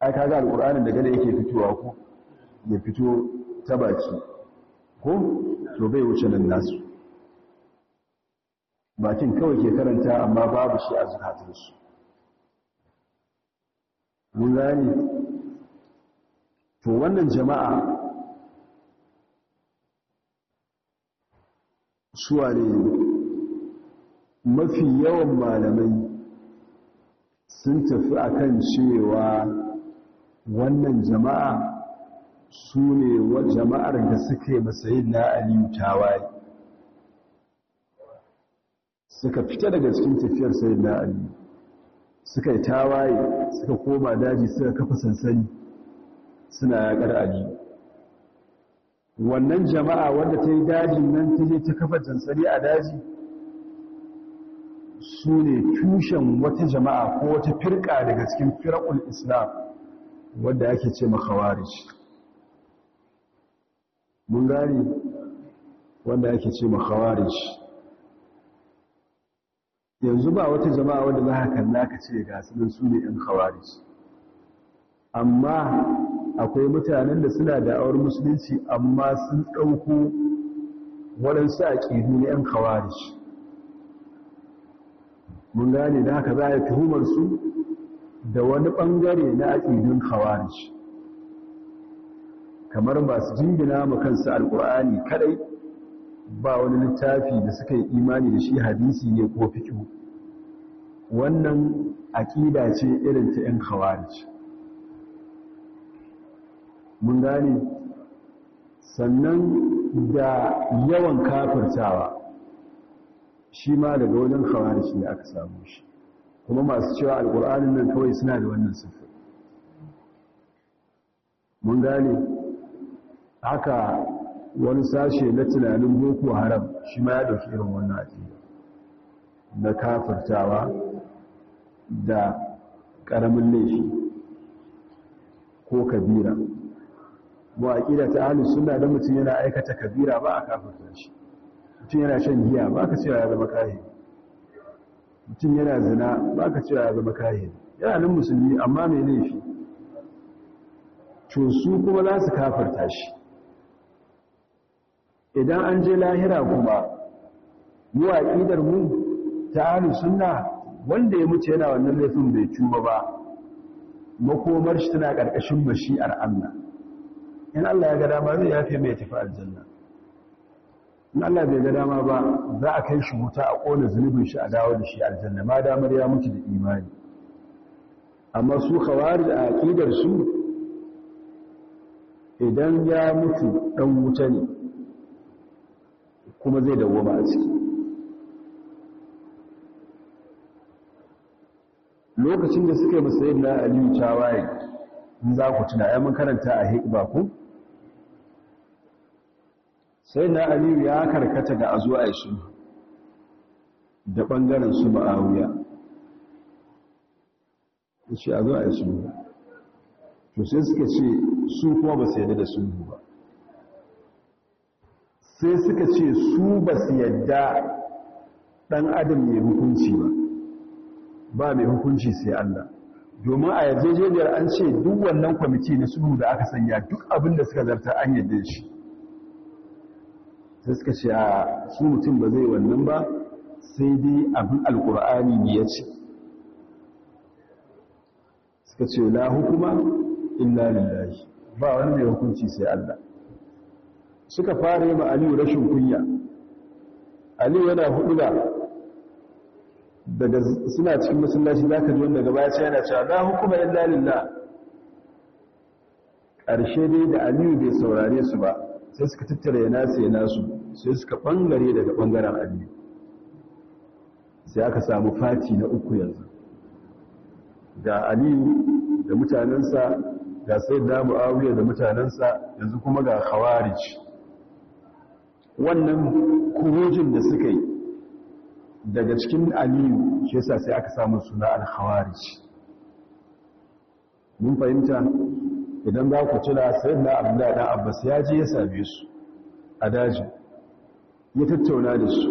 Speaker 1: ai kaga alqur'anin daga da yake fitowa ko ya fito ta baki ko to bai wuce nan nasu bakin kawai ke karanta amma babu shi a zukatarsu mun gani to wannan jama'a suwa ne mafi yawan malamai sun tafi akan cewa wannan jama'a su ne wa jama'ar da suke masayin na aliyu suka fita daga cikin tafiyar sayin na aliyu suka yi tawaye suka koma daji suka kafa sansani suna yaƙar aliyu wannan jama'a wanda ta yi dajin nan ta je ta kafa sansani a daji su ne tushen wata jama'a ko wata firka daga cikin firakul islam wadda ake ce makawarici mun gane wanda ake ce makawarici yanzu ba wata jama'a wanda za ka kalla ka ce ga sunan su ne 'yan khawarij amma akwai mutanen da suna da awar musulunci amma sun ɗauko waɗansu a ƙidu na 'yan khawarij mun gane da haka za a tuhumar su da wani ɓangare na aƙidun khawarij kamar masu jingina mu kansu alƙur'ani kadai ba wani littafi da suka yi imani da shi hadisi ne ko fiƙi wannan aƙida ce irin ta 'yan khawarij mun gane sannan da yawan kafirtawa shi ma daga wajen khawarij ne aka samu shi kuma masu cewa alƙur'anin nan kawai suna da wannan siffa mun gane haka wani sashe na tunanin boko haram shi ma ya dauki irin wannan aƙida na kafirtawa da ƙaramin laifi ko kabira mu a ta ahli suna da mutum yana aikata kabira ba a kafirta shi mutum yana shan giya ba ka cewa ya zama kahin mutum yana zina ba ka cewa ya zama kahin yana nan musulmi amma mai laifi to su kuma za su kafirta shi idan an je lahira kuma mu aƙidar mu ta ahli sunna wanda ya mutu yana wannan laifin bai tuba ba makomar shi tana ƙarƙashin mashi'ar Allah in Allah ya ga dama zai yafe mai tafi aljanna in Allah bai ga dama ba za a kai shi wuta a kona zunubin shi a dawo da shi aljanna ma damar ya mutu da imani amma su khawari da aqidar su idan ya mutu dan wuta ne kuma zai dawoma a ciki lokacin da suka yi musayin na aliyu tawaye in za ku tuna ya makaranta a hikba ku sai na aliyu ya karkata ga azu a shi da ɓangaren su ma'awuya ya ce a zuwa a shi to sai suka ce su kuma ba sai yadda da sulhu ba sai suka ce su ba su yadda ɗan adam ya hukunci ba ba mai hukunci sai Allah domin a yarjejeniyar an ce duk wannan kwamiti na sulhu da aka sanya duk abin da suka zarta an yadda shi sai suka ce a su mutum ba zai wannan ba sai dai abin alkur'ani ne ya ce suka ce la hukuma illa lillahi ba wani mai hukunci sai Allah suka fara yi ma aliyu rashin kunya aliyu yana hudu daga suna cikin masallaci za ka ji wanda gaba yana cewa na hukuma illa lillah ƙarshe dai da aliyu bai saurare su ba sai suka tattara ya nasu ya nasu sai suka ɓangare daga ɓangaren aliyu sai aka samu fati na uku yanzu ga aliyu da mutanensa ga sai da mu'awiyar da mutanensa yanzu kuma ga khawarij wannan kurujin da suka yi daga cikin aliyu shi yasa sai aka samu suna al mun fahimta idan za ku tuna sayyidina abdullahi da abbas ya je ya same su a daji ya tattauna da su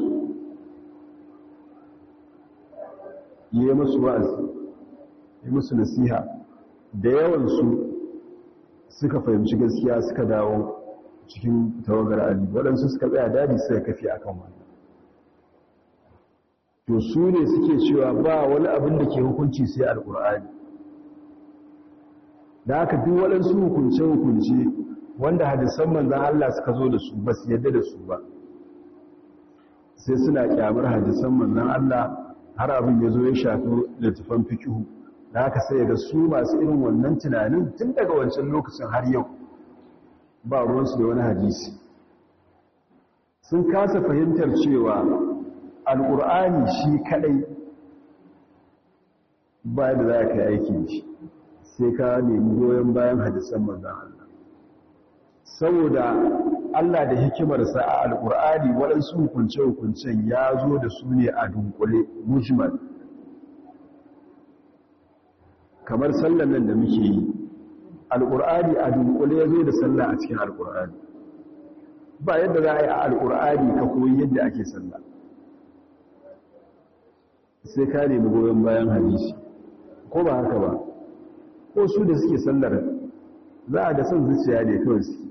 Speaker 1: yi musu wa'azi yi musu nasiha da yawansu suka fahimci gaskiya suka dawo cikin tawagar ali waɗansu suka tsaya dadi suka kafi akan wani to su ne suke cewa ba wani abin da ke hukunci sai alkur'ani da aka fi waɗansu hukunce-hukunce wanda hadisan manzan Allah suka zo da su ba su yadda da su ba sai suna kyamar hadisan manzan Allah har abin ya zo ya shafi littafan fikihu da aka sai ga su masu irin wannan tunanin tun daga wancan lokacin har yau ba ruwansu da wani hadisi sun kasa fahimtar cewa al'ur'ani shi kadai ba da za ka yi aiki shi sai ka nemi goyon bayan hadisan maza Allah saboda Allah da hikimarsa a al'ur'ani waɗansu hukunce-hukuncen ya zo da su ne a dunkule mujmal kamar sallan nan da muke yi alƙur'ani a dunkule ya zo da sallah a cikin alƙur'ani ba yadda za a yi a alƙur'ani ka koyi yadda ake sallah sai ka nemi goyon bayan hadisi ko ba haka ba ko su da suke sallar za a ga son zuciya ne kawai su.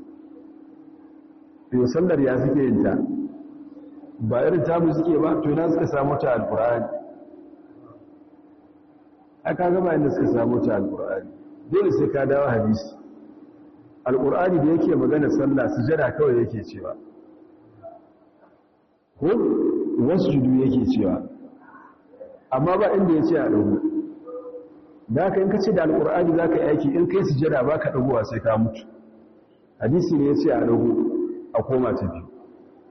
Speaker 1: to sallar ya suke yin ta ba irin tamu suke ba to ina suka samu ta alƙur'ani aka gaba inda suka samu ta alƙur'ani dole sai ka dawo hadisi alqur'ani da yake magana sallah sujada kawai yake cewa ko wasjudu yake cewa amma ba inda ce a dago da aka in ka ce da alqur'ani za ka aiki in kai sujada ka dagowa sai ka mutu hadisi ne ce a dago a koma ta biyu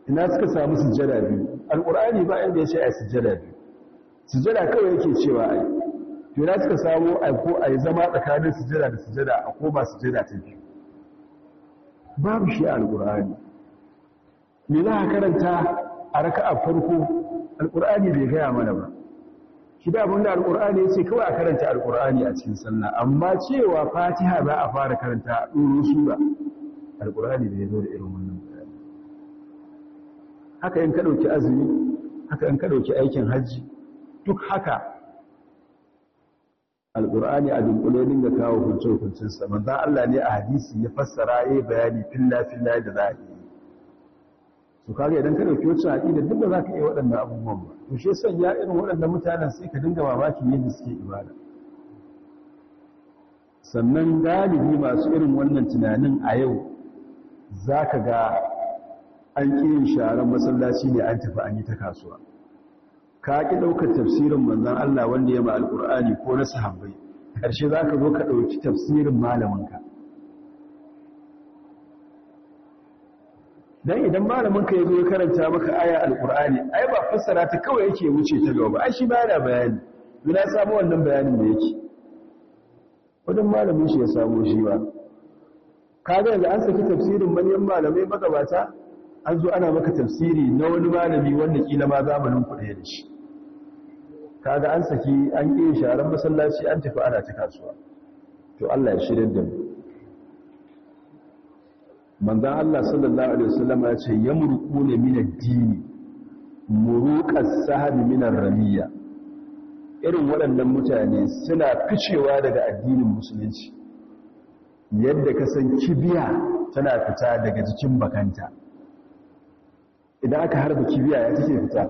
Speaker 1: ina suka samu sujada biyu alqur'ani ba inda ce a sujada biyu sujada kawai yake cewa ai to suka samu a ko a yi zama tsakanin sujada da sujada a koma sujada ta biyu babu shi alkur'ani me za a karanta a raka'a farko alkur'ani bai gaya mana ba shi da abinda alkur'ani ya ce kawai a karanta alkur'ani a cikin sallah amma cewa fatiha za a fara karanta a ɗoro sura alkur'ani bai zo da irin wannan haka in ka ɗauki azumi haka in ka ɗauki aikin hajji duk haka alƙur'ani a dunkule din da kawo hukunce sa manzan Allah ne a hadisi ya fassara ya bayani filla-filla da za a yi su idan ka dauki wacce aƙida duk da za ka iya waɗannan abubuwan ba to she san ya irin waɗannan mutanen sai ka dinga mamakin yadda suke ibada sannan galibi masu irin wannan tunanin a yau zaka ga an ƙi sharan masallaci ne an tafi an yi ta kasuwa ka ki ɗaukar tafsirin manzan Allah wanda ya ba alƙur'ani ko na sahabbai ƙarshe za ka zo ka ɗauki tafsirin malaminka don idan malaminka ya zo ya karanta maka aya alƙur'ani ai ba fassara ta kawai yake wuce ta gaba ai shi ba da bayani yana samu wannan bayanin da yake wajen malamin shi ya samu shi ba ka ga yanzu an saki tafsirin manyan malamai magabata an zo ana maka tafsiri na wani malami wanda kila ma zamanin kuɗaya da shi kaga an saki an yi sharan masallaci an tafi ana ta kasuwa to Allah ya shirya da mu manzan Allah sallallahu alaihi wasallam ya ce yamruqu ne min ad-dini muruqas sahabi min ar-ramiya irin waɗannan mutane suna ficewa daga addinin musulunci yadda ka san kibiya tana fita daga jikin bakanta idan aka harba kibiya ya take fita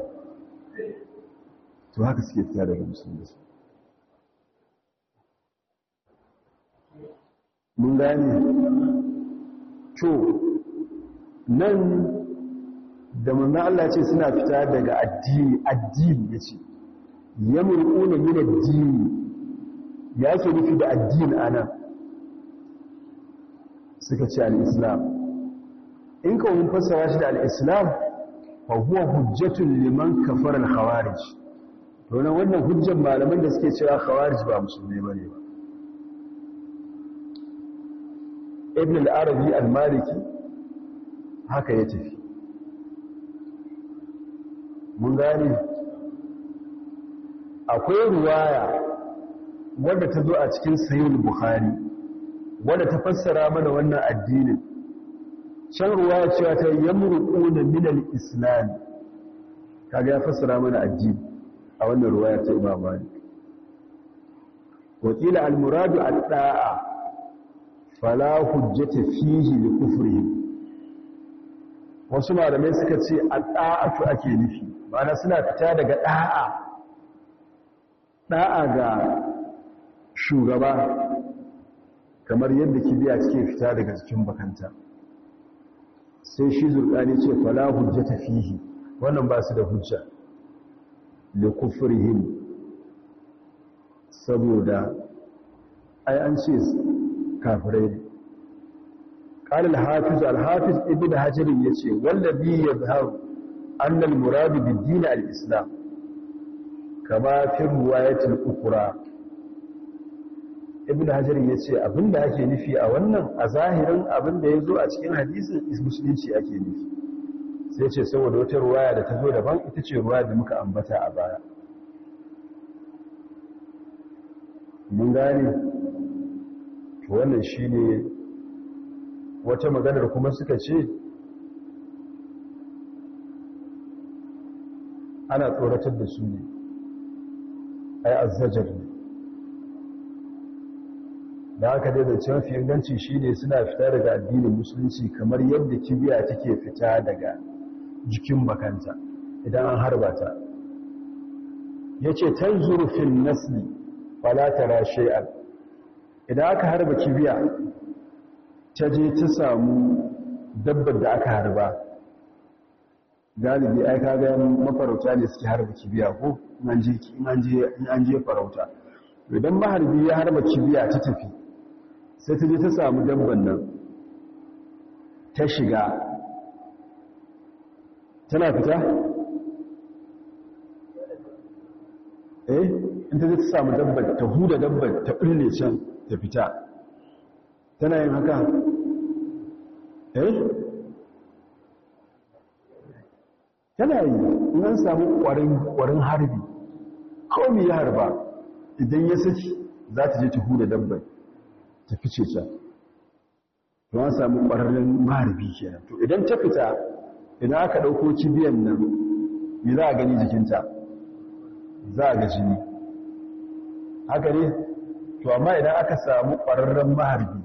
Speaker 1: to haka suke fita daga musulunci mun gane to nan da manzan Allah ce suna fita daga addini addini ya ce ya murƙuna yin addini ya ke nufi da addini ana suka ce al'islam in kawun fassara shi da al'islam fa huwa hujjatun liman kafar al-khawarij to wannan hujjan malaman da suke cewa khawarij ba musulmai bane ba ibn al-arabi al-maliki haka ya tafi mun gane akwai ruwaya wadda ta zo a cikin sayyid bukhari wadda ta fassara mana wannan addinin can ruwaya cewa ta yamruquna min al-islam kaga ya fassara mana addini a wannan ruwaya ta imam malik wakila almuradu adda'a fala hujjata fihi li wasu malamai suka ce adda'atu ake nufi ma'ana suna fita daga da'a da'a ga shugaba kamar yadda kibiya suke fita daga cikin bakanta sai shi zurkani ce fala hujjata fihi wannan ba su da hujja da kufurhim saboda ai an ce kafirai ne ƙalil hafiz al-hafiz ya ce wallabi ya zahar annal muradu biddina al-islam kama fin wayatul ukura ibn hajar ya ce abinda ake nufi a wannan a zahirin abinda ya zo a cikin hadisun musulunci ake nufi sai ce saboda wata ruwaya da ta zo daban ita ce ruwaya da muka ambata a baya mun gane to wannan ne wata maganar kuma suka ce ana tsoratar da su ne ai azzajar ne da haka dai da can fi inganci ne suna fita daga addinin musulunci kamar yadda kibiya take fita daga jikin bakanta idan an harba ta yace ce tan zurfin nasli falatara shi'ar idan aka harba kibiya ta je ta samu dabbar da aka harba galibi ai ka ga mafarauta ne suke harba kibiya ko in an je farauta idan maharbi ya harba kibiya ta tafi sai ta je ta samu dabban nan ta shiga tana fita eh in ta zai ta samu dabbar ta huda dabbar ta ɓirne can ta fita tana yin haka eh tana yi in an samu ƙwarin harbi kawai ya harba idan ya saki za ta je ta huda dabbar ta fice can to an samu ƙwararren maharbi kenan to idan ta fita idan aka ɗauko kibiyan nan me za a gani jikinta za a ga jini haka ne to amma idan aka samu ƙwararren maharbi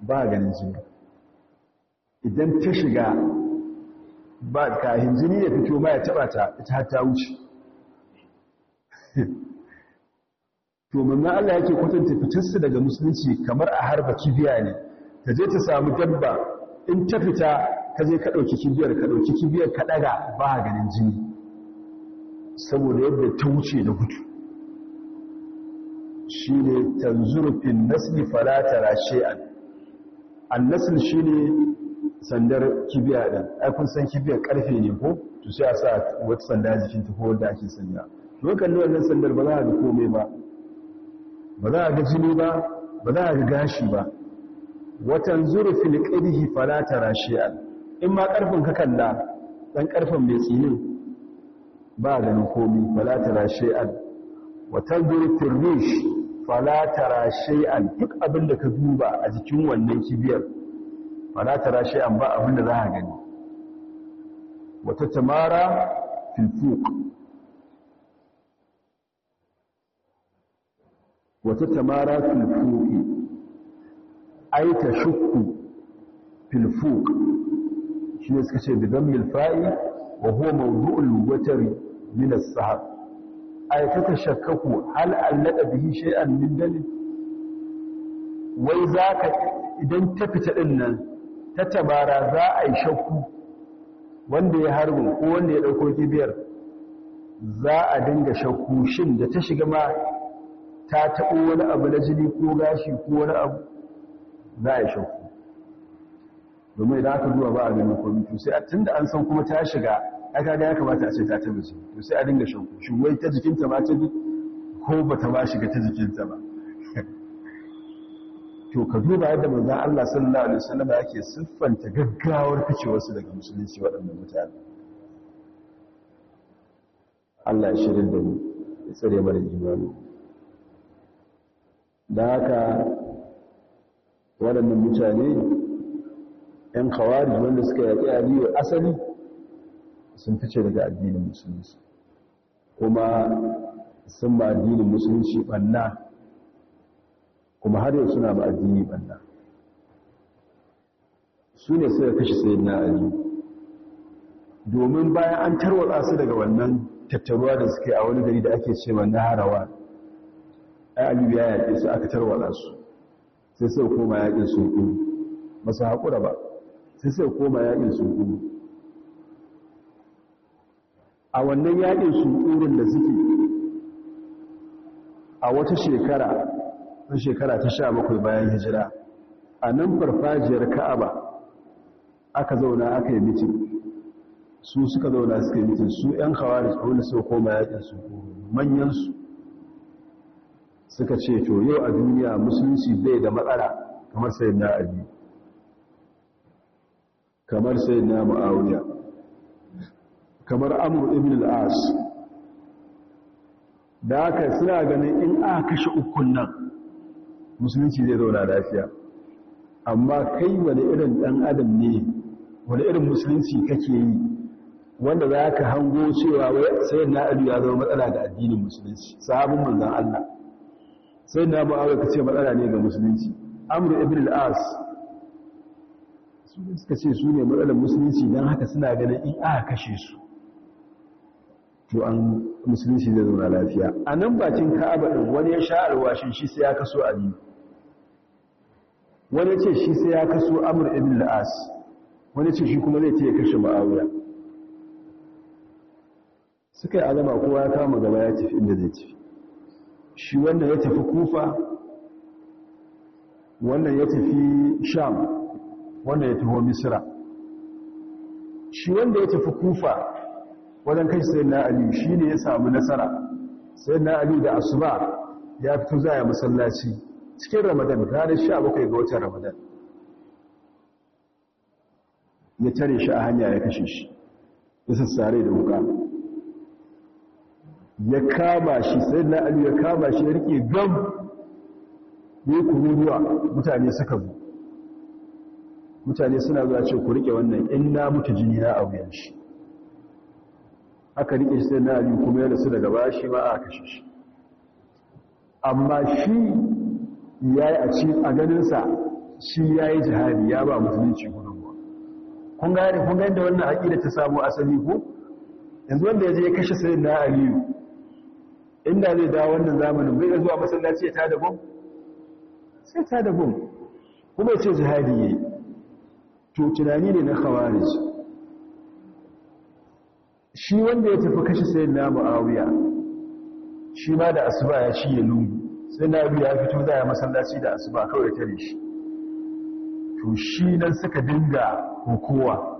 Speaker 1: ba a ganin jini idan ta shiga ba kahin jini ya fito ma ya taɓa ta ita har ta wuce to manna Allah yake kwatanta fitarsa daga musulunci kamar a harba kibiya ne ta je ta samu dabba in ta fita ka je ka ɗauki kibiyar ka ɗauki kibiyar ka ɗaga ba ganin jini saboda yadda ta wuce da gudu shi ne tanzurufin nasli falatara An annasil shi ne sandar kibiya ɗin aikun san kibiyar ƙarfe ne ko to sai a sa wata sanda jikin ta ko wanda ake sanya lokacin da wannan sandar ba za a ga komai ba ba za a ga jini ba ba za a ga gashi ba watan zurufin ƙirhi falatara she'an in ma karfin ka kalla dan karfin mai tsinin ba ganin komi wala tara shay'an wa tanzuru tirmish fala tara shay'an duk abin da ka duba a jikin wannan kibiyar fala tara shay'an ba abin da za ka gani wata tamara fil fuq wata tamara fil fuq ay tashukku fil fuq shi ne suka ce bidan milfa'i wa huwa mawdu'ul watari min as-sahab ay ta tashakkaku hal allada bihi shay'an min dalil wai zaka idan ta fita din nan ta tabara za a yi shakku wanda ya harbi ko wanda ya dauko kibiyar za a dinga shakku shin da ta shiga ma ta taɓo wani abu na jini ko gashi ko wani abu za a yi shakku domin idan aka duba ba a ganin komi to sai tun da an san kuma ta shiga aka ga ya kamata a ce ta taba to sai a dinga shakku shi wai ta jikinta ba ta bi ko ba ta ba shiga ta jikinta ba to ka duba yadda manzon Allah sallallahu alaihi wasallam yake siffanta gaggawar ficewar su daga musulunci waɗannan mutane Allah ya shirin da mu ya tsare mana imani da haka waɗannan mutane yan kawari wanda suka yaƙi aliyu asali sun fice daga addinin musulunci kuma sun ba addinin musulunci banna kuma har yau suna ba addini banna su ne suka kashe sayyidina ali domin bayan an tarwatsa su daga wannan tattaruwa da suke a wani gari da ake ce na harawa ai aliyu ya yaƙe su aka tarwatsa su sai sai koma yaƙin su masu haƙura ba sai sai koma yaƙin sunkuru a wannan yaƙin sunkurun da suke a wata shekara ta shekara ta sha bakwai bayan hijira a nan farfajiyar ka'aba aka zauna aka yi mitin su suka zauna suka yi mitin su 'yan hawa da suka koma yaƙin sunkuru manyansu suka ce to yau a duniya musulunci bai da matsala kamar sai na abi kamar sai na ma'auniya kamar amur ibn al'as da aka suna ganin in a kashe ukun nan musulunci zai zauna lafiya amma kai wani irin ɗan adam ne wani irin musulunci kake yi wanda za ka hango cewa sai na abu ya zama matsala ga addinin musulunci sahabin manzan Allah sai na ba ka ce matsala ne ga musulunci amur ibn al'as suka ce su ne matsalar musulunci don haka suna ganin in aka kashe su to an musulunci zai zauna lafiya a nan bakin ka'aba ɗin wani ya sha alwashin shi sai ya kaso ali wani ce shi sai ya kaso amur ibn la'as wani ce shi kuma zai ce ya kashe ma'awuya suka yi alama kowa ya kama gaba ya tafi inda zai tafi shi wannan ya tafi kufa wannan ya tafi sham wanda ya taho misira shi wanda ya tafi kufa wajen kai sai na ali shi ne ya samu nasara sai na ali da asuba ya fito za a masallaci cikin ramadan ranar sha bakwai ga watan ramadan ya tare shi a hanya ya kashe shi ya sassare da wuka ya kama shi sai na ali ya kama shi ya rike gam ya yi kururuwa mutane suka bu mutane suna zuwa ce ku rike wannan in na mutu jini na abu shi aka rike shi sai na aliyu kuma ya rasu daga bashi shi ma a kashe shi amma shi ya yi a ci a ganinsa shi ya yi jihadi ya ba ci gudunmuwa kun gane kun gani da wannan haƙi ta samu asali ko yanzu wanda ya je ya kashe sai na aliyu inda zai dawo wannan zamanin bai zuwa masallaci ya da gum sai da gum kuma ya ce jihadi yayi to tunani ne na khawarij shi wanda ya tafi kashe sayin na mu'awiya shi ma da asuba ya ya lungu sai na biya ya fito za a masallaci da asuba kawai tare shi to shi nan suka dinga hukowa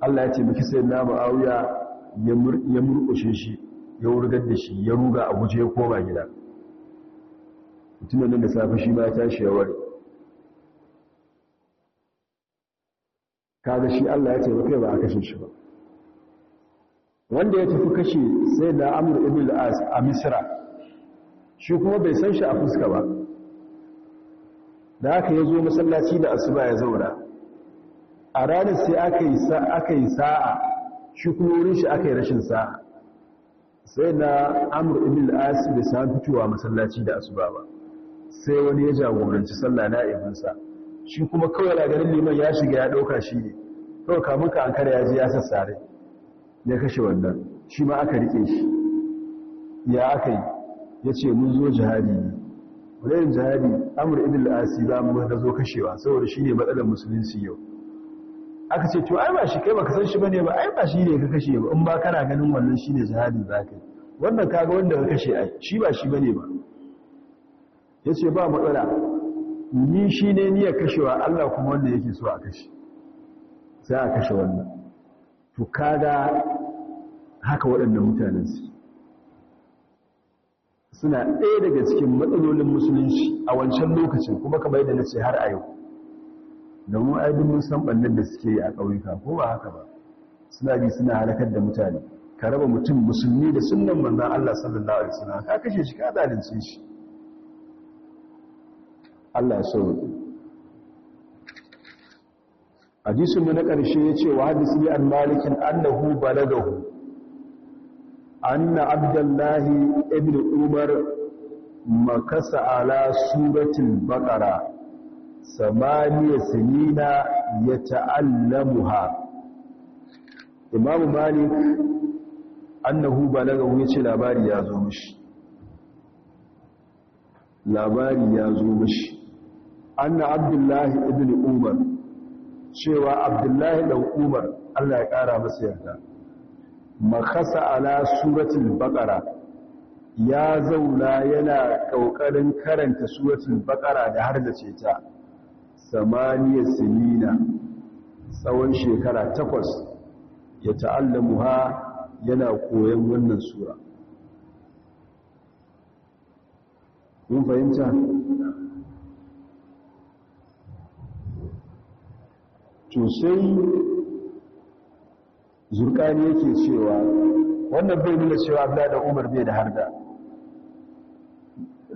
Speaker 1: Allah ya ce miki sayin na mu'awiya ya murkushe shi ya wurgar da shi ya ruga a guje ya koma gida mutumin da safe shi ma ya tashi ya wari kaga shi Allah ya ce ba kai ba a kashe shi ba wanda ya tafi kashe sai da amur ibn al-as a misra shi kuma bai san shi a fuska ba da aka ya zo masallaci da asuba ya zaura. a ranar sai aka yi sa'a shi kuma wurin shi aka yi rashin sa'a sai na amur ibn al-as bai san fitowa masallaci da asuba ba sai wani ya jagoranci sallah na shi kuma kawai na ganin liman ya shiga ya ɗauka shi ne kawai kamun ka an kare ya ji ya sassare ya kashe wannan shi ma aka riƙe shi ya aka yi ya ce mun zo jihadi ne yin jihadi amur idil La'asi ba mu na zo kashewa saboda shi ne matsalar musulunci yau aka ce to ai ba shi kai ba ka san shi ba ne ba ai ba shi ne ka kashe ba in ba kana ganin wannan shi ne jihadi za ka yi wannan kaga wanda ka kashe ai shi ba shi ba ne ba ya ce ba matsala ni shi ne niyyar kashewa Allah kuma wanda yake so a kashe sai a kashe wannan to kaga haka waɗannan mutanen su suna ɗaya daga cikin matsalolin musulunci a wancan lokacin kuma kamar yadda na ce har a yau mu ai mun san bannan da suke yi a ƙauyuka ko ba haka ba suna bi suna halakar da mutane ka raba mutum musulmi da sunnan manzon Allah sallallahu alaihi wasallam ka kashe shi ka zalunce shi Allah ya sauri hadisin mu na ƙarshe ya ce wa hadisi an malikin annahu balagahu anna abdullahi ibn umar makasa ala suratul baqara samaniya sinina ya ta'allamuha imam malik annahu balagahu ya ce labari ya zo mishi labari ya zo mishi anna abdullahi ibn umar cewa abdullahi dan umar Allah ya kara masa yarda makasa ala suratul baqara ya zauna yana kokarin karanta suratul baqara da har da ceta samaniya sinina tsawon shekara takwas ya ta'allamuha yana koyon wannan sura mun fahimta to sai zurkani yake cewa wannan bai nuna cewa Allah da umar bai da harda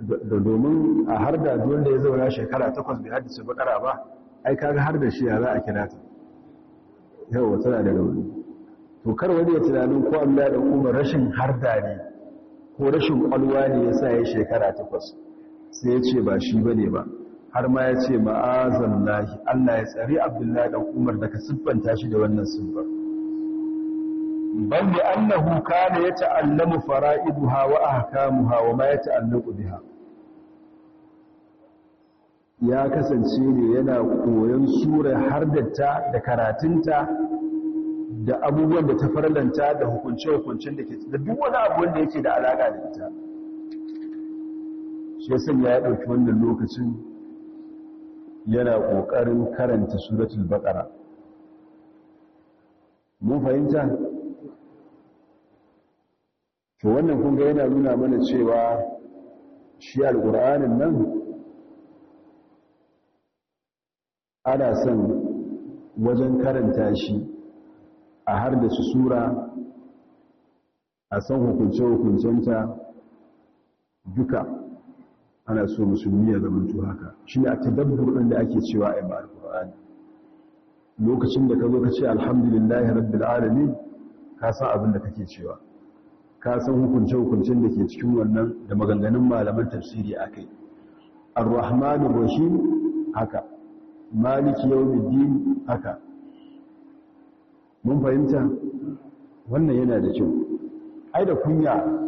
Speaker 1: da domin a harda da ya zauna shekara takwas bai haddace bakara ba ai kaga harda shi ya za a kira ta yawa tana da rauni to kar wani ya tunanin ko Allah da umar rashin harda ne ko rashin kwalwa ne ya sa ya shekara takwas sai ya ce ba shi ba ne ba har ma ya ce ma'azan Allah ya tsari abdullahi da umar daga siffanta shi da wannan siffar ban da annahu kana ya ta'allamu fara'iduha wa ahkamuha wa ma ya ta'allaku biha ya kasance ne yana koyon sura har da karatunta da abubuwan da ta farlanta da hukunce-hukuncen da ke da duk wani abu wanda yake da alaƙa da ita shi ya sanya ya ɗauki wannan lokacin yana ƙoƙarin karanta suratul baƙara mun fahimta to wannan kunga yana nuna mana cewa shi alƙur'anin nan ana son wajen karanta shi a har da su sura a san hukunce-hukuncenta duka ana so musulmi ya zamantu haka shi ne a tadabbur ɗin da ake cewa a ba lokacin da ka zo ka ce alhamdulillahi rabbil alamin ka san abin da kake cewa ka san hukunce hukuncen da ke cikin wannan da maganganun malaman tafsiri akai ar-rahmanir rahim haka maliki yawmiddin haka mun fahimta wannan yana da kyau ai da kunya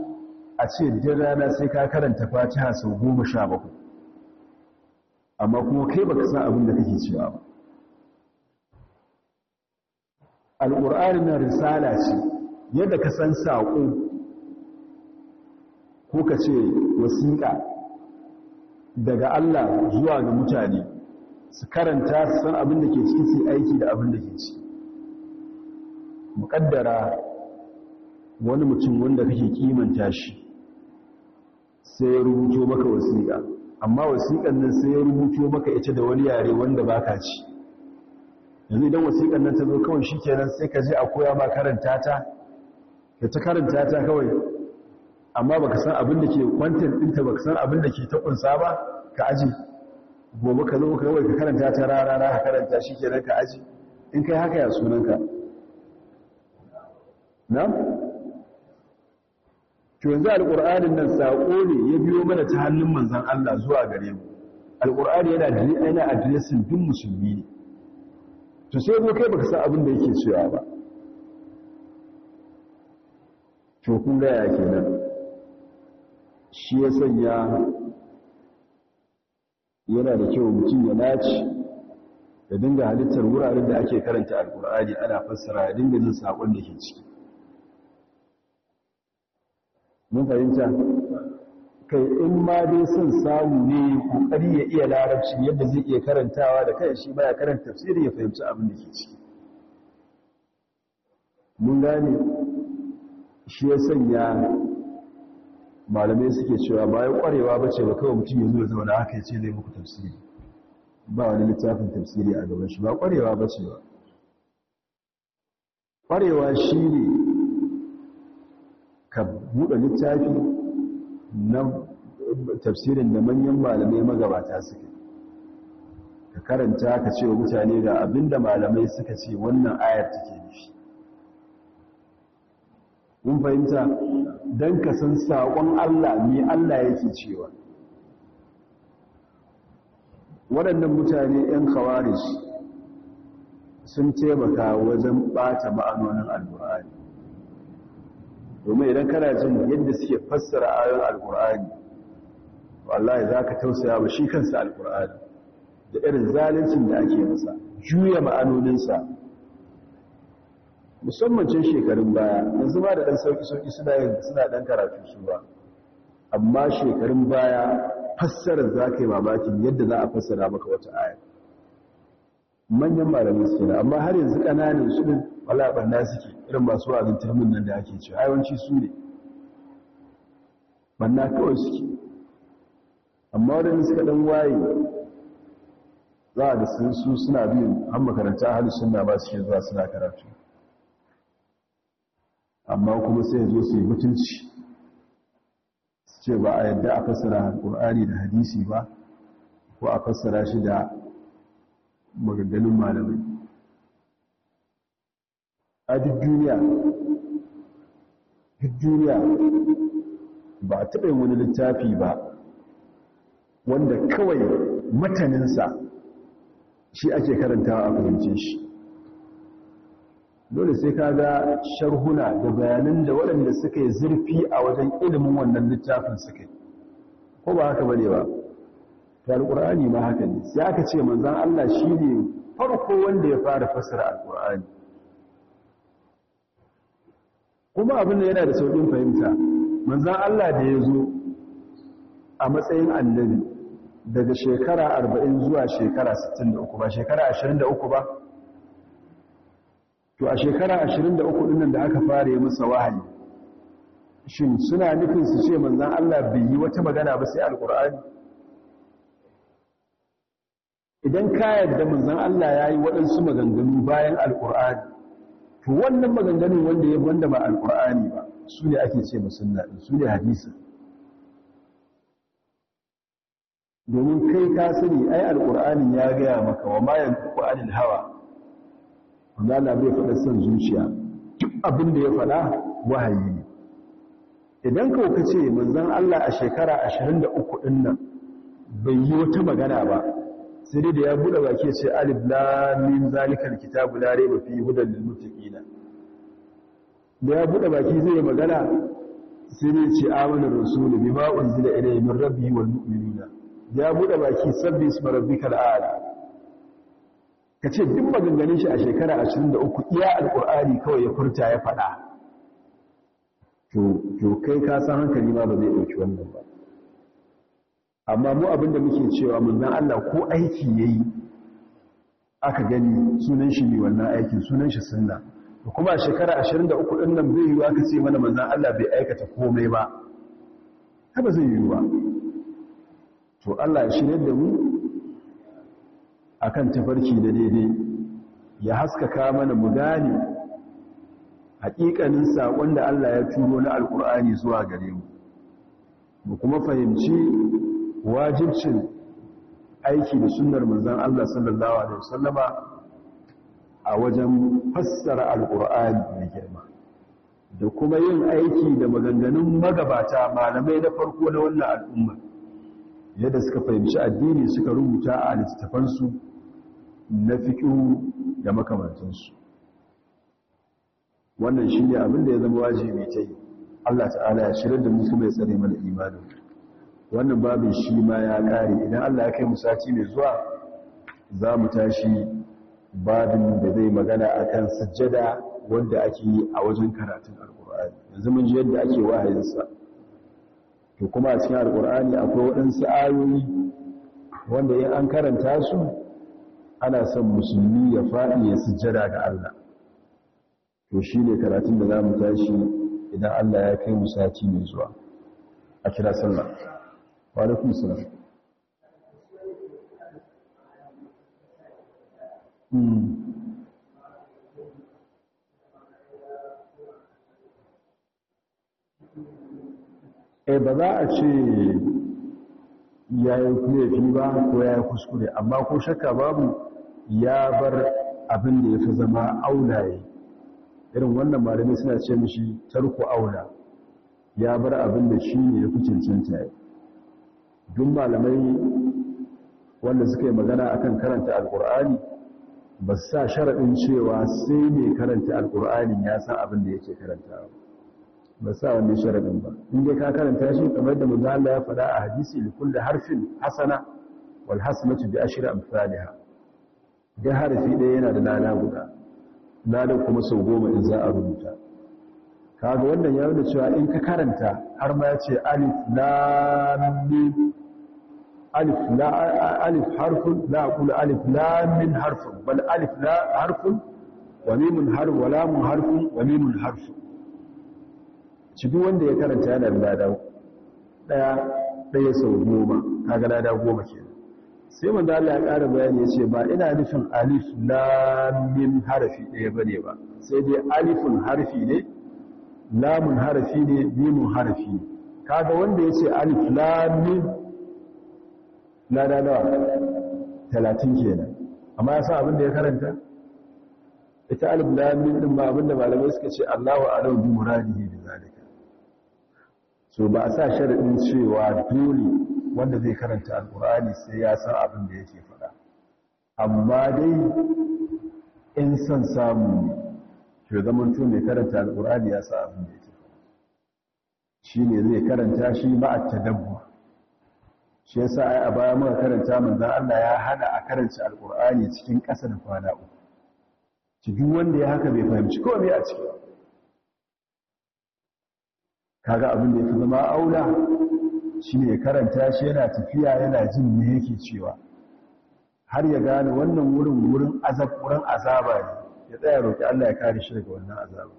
Speaker 1: a ce duk rana sai ka karanta fatiha sau goma sha bakwai amma kuma kai baka san abin da kake cewa ba al'ur'ani na risala ce yadda ka san saƙo ko ka ce wasiƙa daga Allah zuwa ga mutane su karanta su san abin da ke ciki su aiki da abin da ke ci. muƙaddara wani mutum wanda kake kimanta shi sai ya rubuto maka wasiƙa amma wasiƙan nan sai ya rubuto maka ita da wani yare wanda ba ka ci yanzu idan wasiƙan nan ta zo kawai shi kenan sai ka je a koya ma karanta ta ka ta karanta ta kawai amma baka san abin da ke kwantan ɗinta baka san abin da ke ta ba ka aji gobe ka zo kawai ka karanta ta rara ka karanta shi kenan ka aji in kai haka ya sunanka na'am to yanzu alƙur'anin nan saƙo ne ya biyo mana ta hannun manzan Allah zuwa gare mu alƙur'ani yana yana addressing duk musulmi ne to sai ko kai baka san abin da yake cewa ba to kun ga ya kenan shi ya sanya yana da kyau mutum ya naci da dinga halittar wuraren da ake karanta alƙur'ani ana fassara ya dinga jin saƙon da ke ciki mun fahimta kai in ma dai son samu ne kokari ya iya larabci yadda zai iya karantawa da kai shi baya karanta tafsiri ya fahimci abin da ke ciki mun gane shi ya sanya malamai suke cewa ba ya kwarewa ba ce ba kawai mutum ya zo ya zauna haka ya ce zai muku tafsiri ba wani littafin tafsiri a gaban shi ba kwarewa ba ce ba kwarewa shi ne ka buɗe littafi na tafsirin da manyan malamai magabata suke ka karanta ka ce wa mutane ga abinda malamai suka ce wannan ayar take nufi mun fahimta don ka san saƙon Allah ne Allah yake cewa waɗannan mutane 'yan kawarish sun taimaka wajen ɓata ma'anonin alƙur'ani domin idan kana jin yadda suke fassara ayoyin alkur'ani wallahi za ka tausaya ba shi kansa alkur'ani da irin zalincin da ake masa juya ma'anoninsa musamman can shekarun baya yanzu ba da ɗan sauki-sauki suna yin suna ɗan karatu su ba amma shekarun baya fassarar za ka yi mamakin yadda za a fassara maka wata aya manyan malamai suke da amma har yanzu kananan su din walaɓanna suke irin masu wazin turmin nan da ake ce yawanci su ne banna kawai suke amma wadanda suka ɗan waye za a da su suna biyu an makaranta a sunna na ba suke zuwa suna karatu amma kuma sai ya zo su yi mutunci su ce ba a yadda a fassara alƙur'ani da hadisi ba ko a fassara shi da maganganun malamai a duk duniya duk duniya ba a taɓa wani littafi ba wanda kawai mataninsa shi ake karantawa a fahimce shi dole sai ka ga sharhuna da bayanan da waɗanda suka yi zurfi a wajen ilimin wannan littafin suka yi ko ba haka bane ba ta alƙur'ani ma haka ne sai aka ce manzon Allah shi ne farko wanda ya fara fassara alƙur'ani kuma abin da yana da sauƙin fahimta manzon Allah da ya zo a matsayin annabi daga shekara 40 zuwa shekara 63 ba shekara 23 ba to a shekara 23 nan da aka fara yi masa wahayi shin suna nufin su ce manzon Allah bai yi wata magana ba sai alƙur'ani idan ka yarda manzon Allah ya yi waɗansu maganganu bayan alƙur'ani to wannan maganganun wanda ya wanda ba alƙur'ani ba su ne ake ce musulna su ne hadisi domin kai ka sani ai alƙur'ani ya gaya maka wa ma yanku hawa wanda Allah bai faɗa son zuciya duk abin da ya faɗa wahayi ne idan ka ka ce manzon Allah a shekara 23 uku nan bai yi wata magana ba sai da ya buɗe baki ce alif lamin zalikal kitabu la rayba fi hudan lil muttaqina da ya buɗe baki zai magana sai ya ce amana rasulu bima unzila ilayhi min rabbihi wal da ya buɗe baki sabbi isma rabbikal a'la kace duk maganganun shi a shekara 23 iya alqur'ani kawai ya furta ya faɗa to to kai ka san hankali ma ba zai dauki wannan ba amma mu abinda muke cewa manzon Allah ko aiki yayi aka gani sunan shi ne wannan aikin sunan shi sunna kuma a shekara 23 din nan bai wa aka ce mana manzon Allah bai aikata komai ba ba zai yi ba to Allah ya shirya da mu akan tafarki da daidai ya haskaka mana mu gane haƙiƙanin saƙon da Allah ya turo na alkur'ani zuwa gare mu mu kuma fahimci wajibcin aiki da sunnar manzon Allah sallallahu alaihi wasallama a wajen fassara alqur'ani mai girma da kuma yin aiki da maganganun magabata malamai na farko na wannan al'umma yadda suka fahimci addini suka rubuta a littafansu na fiƙihu da makamantansu wannan shi ne da ya zama wajibi ta yi allah ta'ala ya shirar da musu mai tsare mana imanin wannan babin shi ma ya kare idan Allah ya kai mu sati mai zuwa za mu tashi babin da zai magana akan sujjada wanda ake yi a wajen karatun alkur'ani yanzu mun ji yadda ake wahayinsa to kuma a cikin alkur'ani akwai waɗansu ayoyi wanda in an karanta su ana son musulmi ya faɗi ya sujjada ga Allah to shi ne karatun da za mu tashi idan Allah ya kai mu sati mai zuwa a kira sallah wa salam hmm. eh ba za a ce ya yi kuyafi ba ko ya yi kuskure amma ko shakka babu ya bar abin da ya fi zama aulaye irin wannan malamai suna ce mishi tarko aula ya bar abin da shi ne ya fi cancanta ya duk malamai wanda suka yi magana akan karanta alkur'ani ba sa sharaɗin cewa sai mai karanta alkur'ani ya san abin da yake karanta ba sa wannan sharaɗin ba inda ka karanta shi kamar da muzalla ya faɗa a hadisi likulli harfin hasana wal hasanatu bi ashri amsalha da harfi ɗaya yana da lada guda ladan kuma sau goma in za a rubuta kaga wannan ya nuna cewa in ka karanta har ma ya ce alif lam mim alif la alif harfun la aqul alif lam min harfun bal alif la harfun wa mim harfun? wa lam harfun wa mim harfun ci duk wanda ya karanta yana da lada daya daya sau goma kaga lada goma kenan sai manzo Allah ya ƙara bayani ya ce ba ina nufin alif lam mim harfi ɗaya bane ba sai dai alifun harfi ne lamun harafi ne mimun harafi kaga wanda ya ce alif lamin ladadawa talatin kenan amma ya sa abinda ya karanta ita alif lamin din ba abinda malamai suka ce allahu alau bi muradihi bi zalika so ba a sa sharadin cewa dole wanda zai karanta alkur'ani sai ya san abin da yake faɗa amma dai in san samu to zaman to mai karanta alqur'ani ya sa abin da yake ne zai karanta shi ba a tadabbur shi yasa ai a baya muka karanta manzan Allah ya hada a karanta alqur'ani cikin ƙasa da kwana uku ki duk wanda ya haka bai fahimci komai a ciki kaga abin da ya fi zama aula ne karanta shi yana tafiya yana jin me yake cewa har ya gane wannan wurin wurin azab wurin azaba ne ya tsaya roƙi Allah ya kare shi daga wannan azaba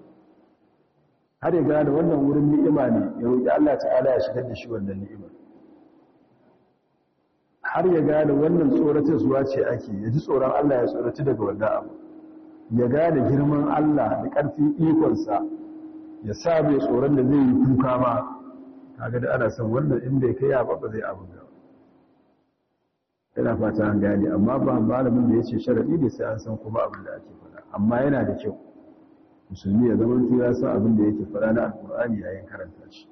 Speaker 1: har ya gane wannan wurin ni'ima ne ya roƙi Allah ta'ala ya shigar da shi wannan ni'ima har ya gane wannan tsoratar zuwa ce ake ya ji tsoron Allah ya tsorati daga wannan abu ya gane girman Allah da ƙarfin ikonsa ya sa mai tsoron da zai yi kuka ma kaga da ana son wannan inda ya kai ya ba zai abu da ina fata an gane amma ba malamin da ya ce sharaɗi da sai an san kuma abin da ake faɗa amma yana da kyau musulmi ya zama ya san abin da yake fara na alkur'ani yayin karanta shi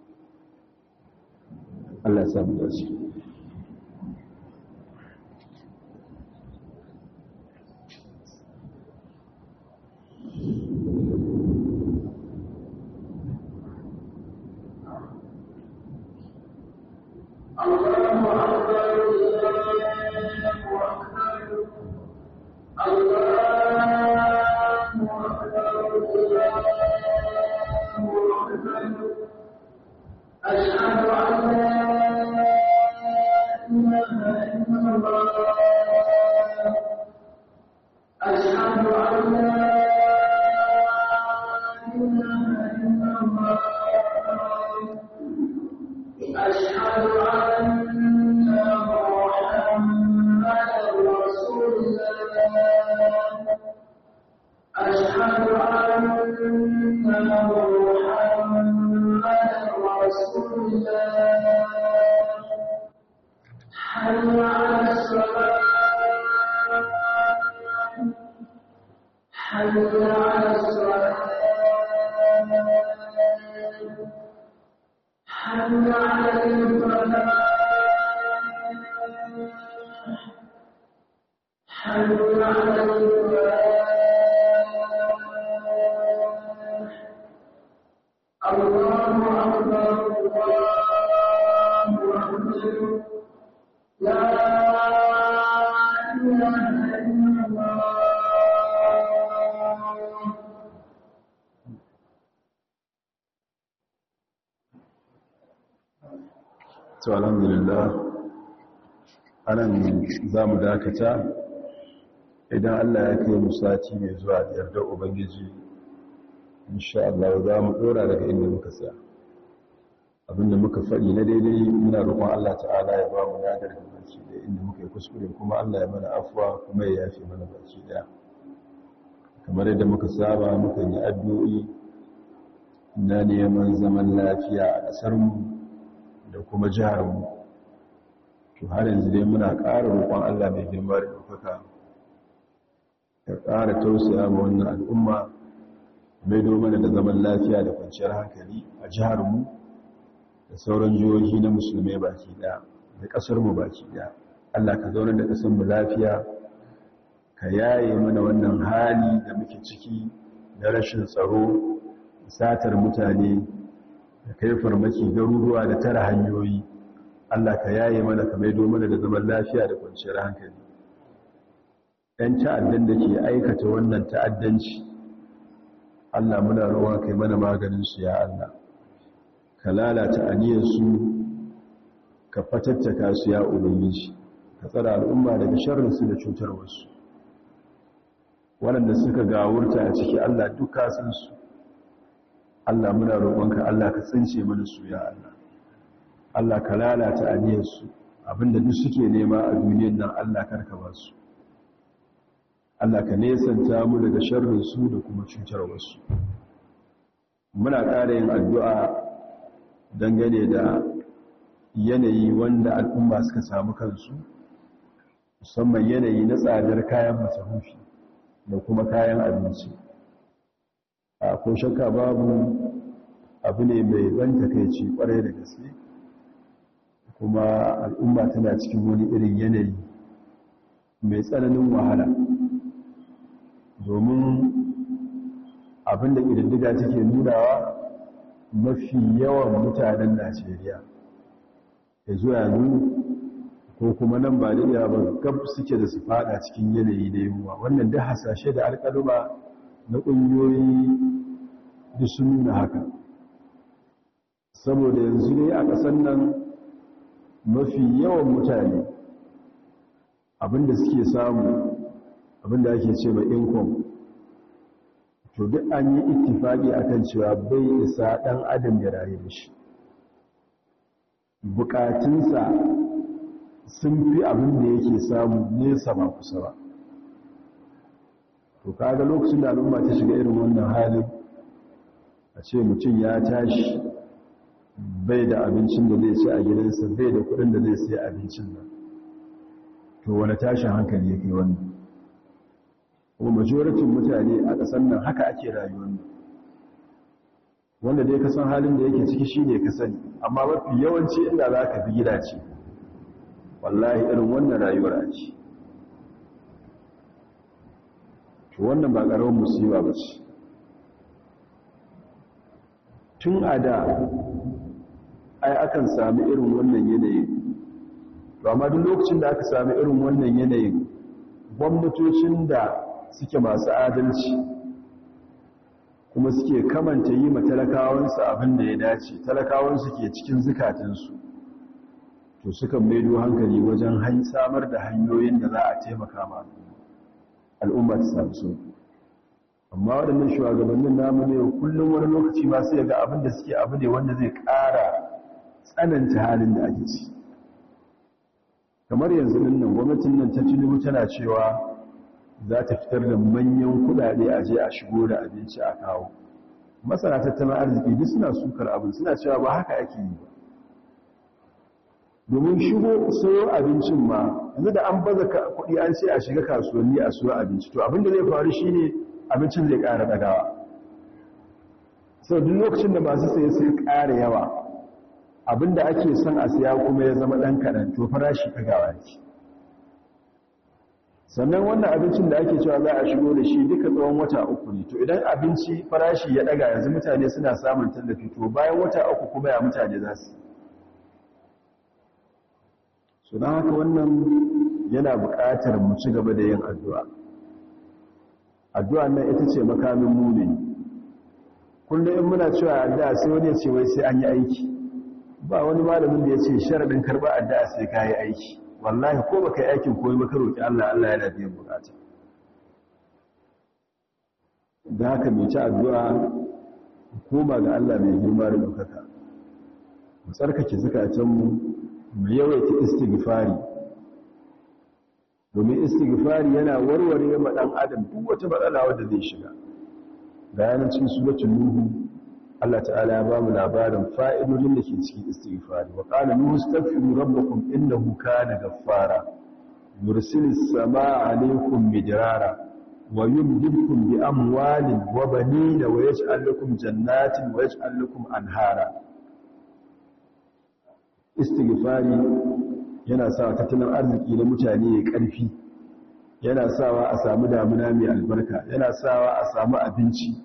Speaker 1: Allah ya samu dace Allah أشهد أن to alhamdulillah anan za mu dakata idan allah ya kai sati mai zuwa da ubangiji insha allah za mu dora daga inda muka sa abinda muka faɗi na daidai muna roƙon allah ta'ala ya ba mu yadar da baki da inda muka yi kuskure kuma allah ya mana afuwa kuma ya yafe mana baki daya kamar yadda muka saba muka yi addu'o'i na neman zaman lafiya a ƙasarmu da kuma jihar mu. to har yanzu dai muna ƙara roƙon Allah mai girma da ɗaukaka ya ƙara tausaya ga wannan al'umma mai mana da zaman lafiya da kwanciyar hankali a jiharmu da sauran jihohi na musulmai baki ɗaya da ƙasarmu baki ɗaya Allah ka zaunar da ƙasarmu lafiya ka yaye mana wannan hali da muke ciki da rashin tsaro satar mutane Ka kai farmaki garuruwa da tara hanyoyi Allah ka yaye mana ka maido mana da zaman lafiya da kwanciyar hankali ɗan ta'addan da ke aikata wannan ta'addanci Allah muna rawa kai mana maganin su ya Allah ka lalata aniyarsu ka fatattaka su ya ubangiji ka tsara al'umma daga sharrinsu da cutarwarsu waɗanda suka gawurta a ciki Allah duka sun su Allah muna roƙonka Allah ka tsince mana su ya Allah Allah ka lalata aniyarsu abinda duk suke nema a duniyar nan Allah karka ba su Allah ka nesanta mu daga sharrin su da kuma cutar wasu muna ƙara yin addu'a dangane da yanayi wanda al'umma suka samu kansu musamman yanayi na tsadar kayan masarufi da kuma kayan abinci a ko shakka babu abu ne mai ban takaici kwarai da gaske kuma al'umma tana cikin wani irin yanayi mai tsananin wahala domin abin abinda ƙididdiga take nunawa mafi yawan mutanen najeriya ya zuwa yanzu ko kuma nan ba da iya ba gab suke da su fada cikin yanayi da yunwa wannan da hasashe da alƙaluma na ƙungiyoyi da sun nuna haka saboda yanzu ne a ƙasar nan mafi yawan mutane abinda suke samu abinda ake ce ma inkom to duk an yi ittifaki akan cewa bai isa ɗan adam da rayu shi bukatunsa sun fi abinda yake samu nesa ba kusa ba to kaga lokacin da al'umma ta shiga irin wannan halin a ce mutum ya tashi bai da abincin da zai ci a gidansa bai da kudin da zai sai abincin nan to wani tashin hankali yake wannan kuma majoratin mutane a ƙasar nan haka ake rayuwar nan wanda dai ka halin da yake ciki shine ka sani amma mafi yawanci inda za ka bi gidace wallahi irin wannan rayuwar a to wannan ba ƙaramin musiba ba ce tun a da ai akan sami irin wannan yanayin to amma duk lokacin da aka sami irin wannan yanayin gwamnatocin da suke masu adalci kuma suke kamanta yi ma talakawansu abin da ya dace talakawansu ke cikin zukatansu to suka maido hankali wajen samar da hanyoyin da za a taimaka ma al'umma al'umma ta samu sauki amma waɗannan shugabannin namu ne kullum wani lokaci ma sai ga abin suke abu ne wanda zai ƙara tsananta halin da ake ci kamar yanzu nan gwamnatin nan ta tinubu tana cewa za ta fitar da manyan kuɗaɗe a je a shigo da abinci a kawo masana tattalin arziki duk suna sukar abin suna cewa ba haka ake yi ba domin shigo sayo abincin ma yanzu da an baza kuɗi an ce a shiga kasuwanni a suwa abinci to abinda zai faru shine abincin zai ƙara ɗagawa sau duk lokacin da masu saye sai ƙara yawa abinda ake son a siya kuma ya zama ɗan kaɗan to farashi ɗagawa ne sannan wannan abincin da ake cewa za a shigo da shi duka tsawon wata uku ne to idan abinci farashi ya ɗaga yanzu mutane suna samun tallafi to bayan wata uku kuma ya mutane za su su haka wannan yana buƙatar mu ci gaba da yin addu'a addu'a nan ita ce makamin muni kullum in muna cewa addu'a sai wani ya ce wai sai an yi aiki ba wani malamin da ya ce sharaɗin karɓa addu'a sai ka yi aiki wallahi ko baka yi aikin koyi maka roƙi Allah Allah yana biyan bukata da haka mai ci addu'a koma ga Allah mai girma da ɗaukaka mu tsarkake mu. mu yawaita istighfari domin istighfari yana warware ma dan adam duk wata matsala wadda zai shiga Bayanan cikin suratul nuhu Allah ta'ala ya ba mu labarin fa'idodin da ke cikin istighfari wa qala nuhu astaghfiru rabbakum innahu kana ghaffara yursilis samaa alaykum midrara wa yumdidukum bi amwalin wa banina wa yaj'al lakum jannatin wa yaj'al lakum anhara istighfari yana sa tattalin arziki na mutane ya karfi yana sawa a samu damuna mai albarka yana sawa a samu abinci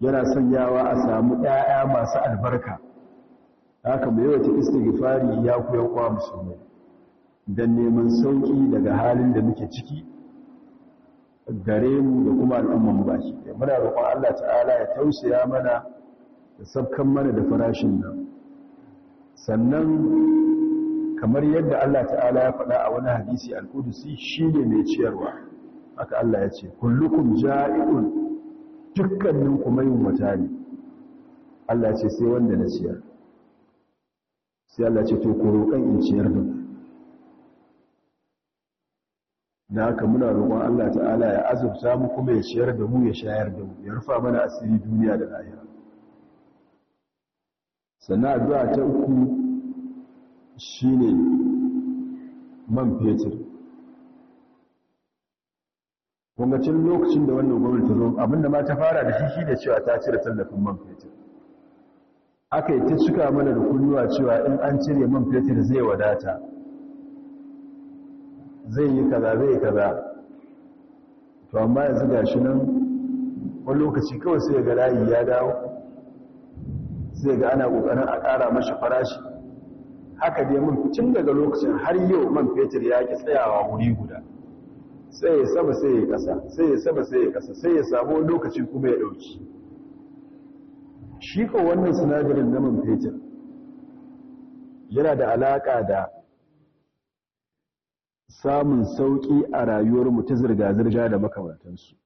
Speaker 1: yana sanyawa a samu ƴaƴa masu albarka haka mai ta istighfari ya koya kwa musulmi Dan neman sauƙi daga halin da muke ciki gare mu da kuma al'umman baki muna roƙon Allah ta'ala ya tausaya mana da sabkan mana da farashin nan sannan kamar yadda Allah ta'ala ya faɗa a wani hadisi al-Qudusi shine mai ciyarwa haka Allah ya ce kullukum ja'iun dukkanin ku mai mutane Allah ya ce sai wanda na ciyar sai Allah ya ce to ku roƙan in ciyar da Na ka muna roƙon Allah ta'ala ya azurta mu kuma ya ciyar da mu ya shayar da mu ya rufa mana asiri duniya da lahira sannan addu'a ta uku shine man fetur kungacin lokacin da wannan gwamnati ta zo abinda ma ta fara da shi shi da cewa ta cire tallafin man fetur aka yi ta cika mana da kunnuwa cewa in an cire man fetur zai wadata zai yi kaza zai kaza to amma yanzu ga shi nan wani lokaci kawai sai ga layi ya dawo zai ga ana ƙoƙarin a ƙara mashi farashi haka dai mun fitin daga lokacin har yau man fetur ya ki tsayawa wuri guda sai ya saba sai ya kasa sai ya saba sai ya kasa sai ya samu lokaci kuma ya ɗauki shi ko wannan sinadarin na man fetur yana da alaƙa da samun sauƙi a rayuwar mu ta zirga-zirga da makamantansu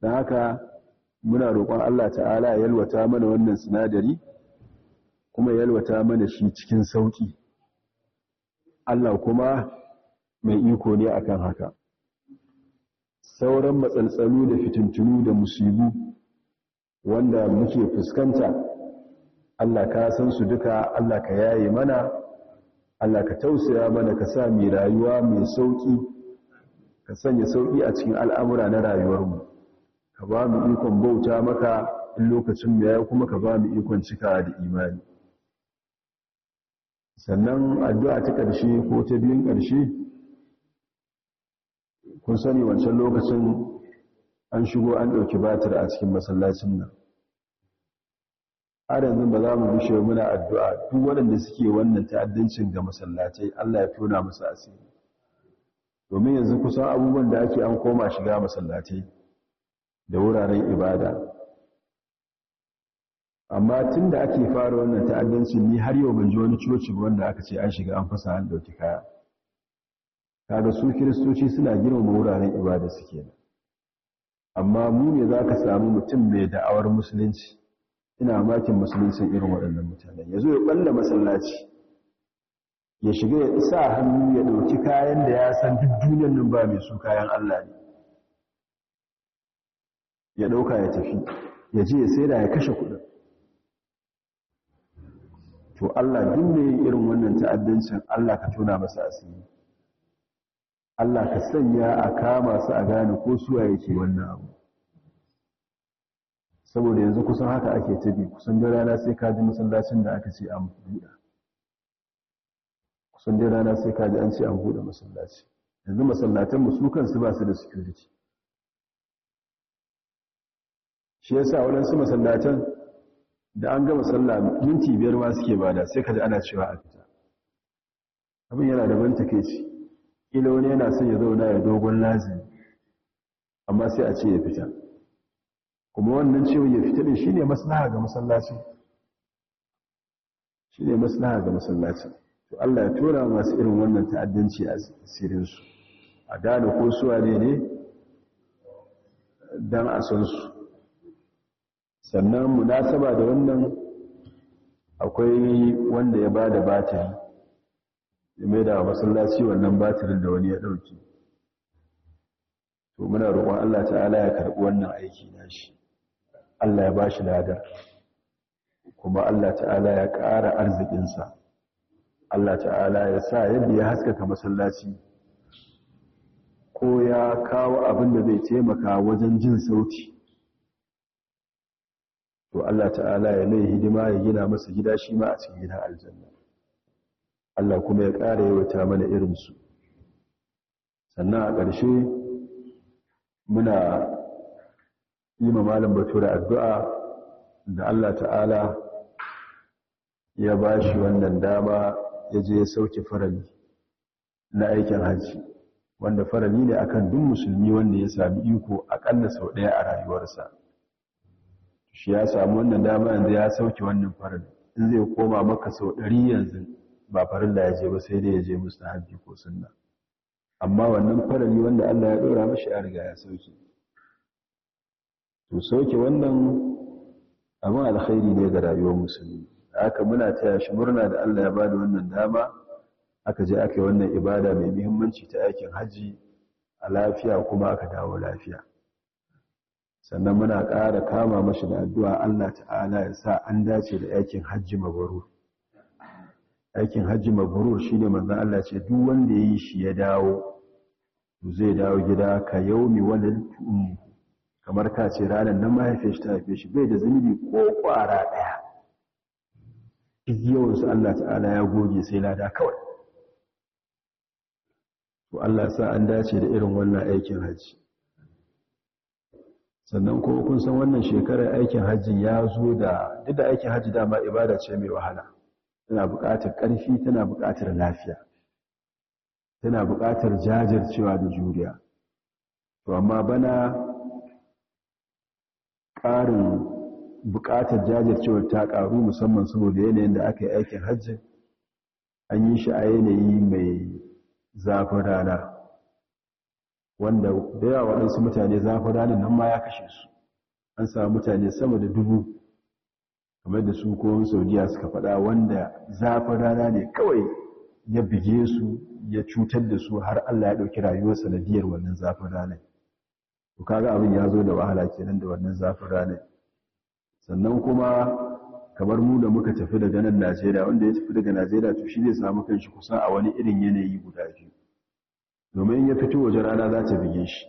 Speaker 1: don haka muna roƙon Allah ta'ala ya yalwata mana wannan sinadari kuma yalwata mana shi cikin sauƙi Allah kuma mai iko ne akan haka sauran matsaltsalu da fitintunu da musibu wanda muke fuskanta Allah ka san su duka Allah ka yaye mana Allah ka tausaya mana ka sa mai rayuwa mai sauƙi ka sanya sauƙi a cikin al'amura na rayuwarmu ka ba mu ikon bauta maka in lokacin mu yayi kuma ka ba mu ikon cika da imani sannan addu'a ta ƙarshe ko ta biyun ƙarshe kun sani wancan lokacin an shigo an ɗauki batir a cikin masallacin nan har yanzu ba za mu gushe muna addu'a duk waɗanda suke wannan ta'addancin ga masallatai Allah ya tona musu asiri domin yanzu kusan abubuwan da ake an koma shiga masallatai da wuraren ibada amma tun da ake fara wannan ta'addanci ni har yau ban ji wani coci wanda aka ce an shiga an fasa an ɗauki kaya kaga su kiristoci suna girmama wuraren ibada suke amma mu ne za ka samu mutum mai da'awar musulunci ina makin musulunci irin waɗannan mutanen ya zo ya ɓalla masallaci ya shiga ya isa hannu ya ɗauki kayan da ya san duk duniyar nan ba mai su kayan Allah ne ya ɗauka ya tafi ya je ya sai da ya kashe kuɗin to Allah duk da yin irin wannan ta'addancin Allah ka tona masa asiri Allah ka sanya a kama su a gane ko suwa yake wannan abu saboda yanzu kusan haka ake tabi kusan da rana sai ka ji masallacin da aka ce an buɗe kusan da rana sai ka ji an ce an buɗe masallaci yanzu masallatan su kansu ba su da security shi yasa waɗansu masallacin da an gama sallah minti biyar ma suke bada sai ka ji ana cewa a fita abin yana da ban takeici ila wani yana son ya zauna ya dogon lazimi amma sai a ce ya fita kuma wannan cewa ya fita din shine maslaha ga masallaci shine maslaha ga masallaci to Allah ya tura masu irin wannan ta'addanci a sirrin su a gane ko suwa ne ne dan a san su sannan munasaba da wannan akwai wanda ya ba da batiri ya mai da masallaci wannan batirin da wani ya ɗauki to muna roƙon Allah ta'ala ya karɓi wannan aiki nashi Allah ya ba shi ladar kuma Allah ta'ala ya ƙara arzikinsa Allah ta'ala ya sa yadda ya haskaka masallaci ko ya kawo abin da zai taimaka wajen jin sauti to Allah ta'ala ya mai hidima ya gina masa gida shi ma a cikin gidan aljanna Allah kuma ya ƙara yawata mana irinsu sannan a ƙarshe muna yi ma malam bature addu'a da Allah ta'ala ya ba shi wannan dama ya je ya sauke farali na aikin hajji wanda farali ne akan duk musulmi wanda ya sami iko aƙalla sau ɗaya a rayuwarsa shi ya samu wannan dama yanzu ya sauke wannan farin in zai koma maka sau ɗari yanzu ba farin da ya je ba sai dai ya je hajji ko sunna amma wannan farali wanda Allah ya ɗora mashi ya riga ya sauke to sauke wannan abin alkhairi ne ga rayuwar musulmi aka muna taya shi murna da Allah ya bada wannan dama aka je aka yi wannan ibada mai muhimmanci ta aikin hajji a lafiya kuma aka dawo lafiya sannan muna ƙara kama mashi da addu'a Allah ta'ala ya sa an dace da aikin hajji mabarur aikin hajji mabarur shi ne manzan Allah ce duk wanda ya yi shi ya dawo zai dawo gida ka yaumi wani kamar ka ce ranar nan mahaifi shi ta haife shi bai da zunubi ko ƙwara ɗaya yawansu Allah ta'ala ya goge sai lada kawai to Allah sa an dace da irin wannan aikin hajji sannan ko kun san wannan shekarar aikin hajji ya zo da duk da aikin hajji dama ibada ce mai wahala tana buƙatar ƙarfi tana buƙatar lafiya tana buƙatar jajircewa da juriya to amma bana ƙarin buƙatar jajircewar ta ƙaru musamman saboda yanayin da aka yi aikin hajji an yi shi a yanayi mai zafin ranar wanda da yawa waɗansu mutane zafin rana nan ma ya kashe su an sa mutane sama da dubu kamar da su kowon saudiya suka faɗa wanda zafin rana ne kawai ya bige su ya cutar da su har allah ya ɗauki rayuwar sanadiyar wannan zafin ranar to kaga abin ya zo da wahala kenan da wannan zafin ranar sannan kuma kamar mu da muka tafi daga nan najeriya wanda ya tafi daga najeriya to shi zai samu kanshi kusa a wani irin yanayi guda biyu domin ya fito waje rana za ta bige shi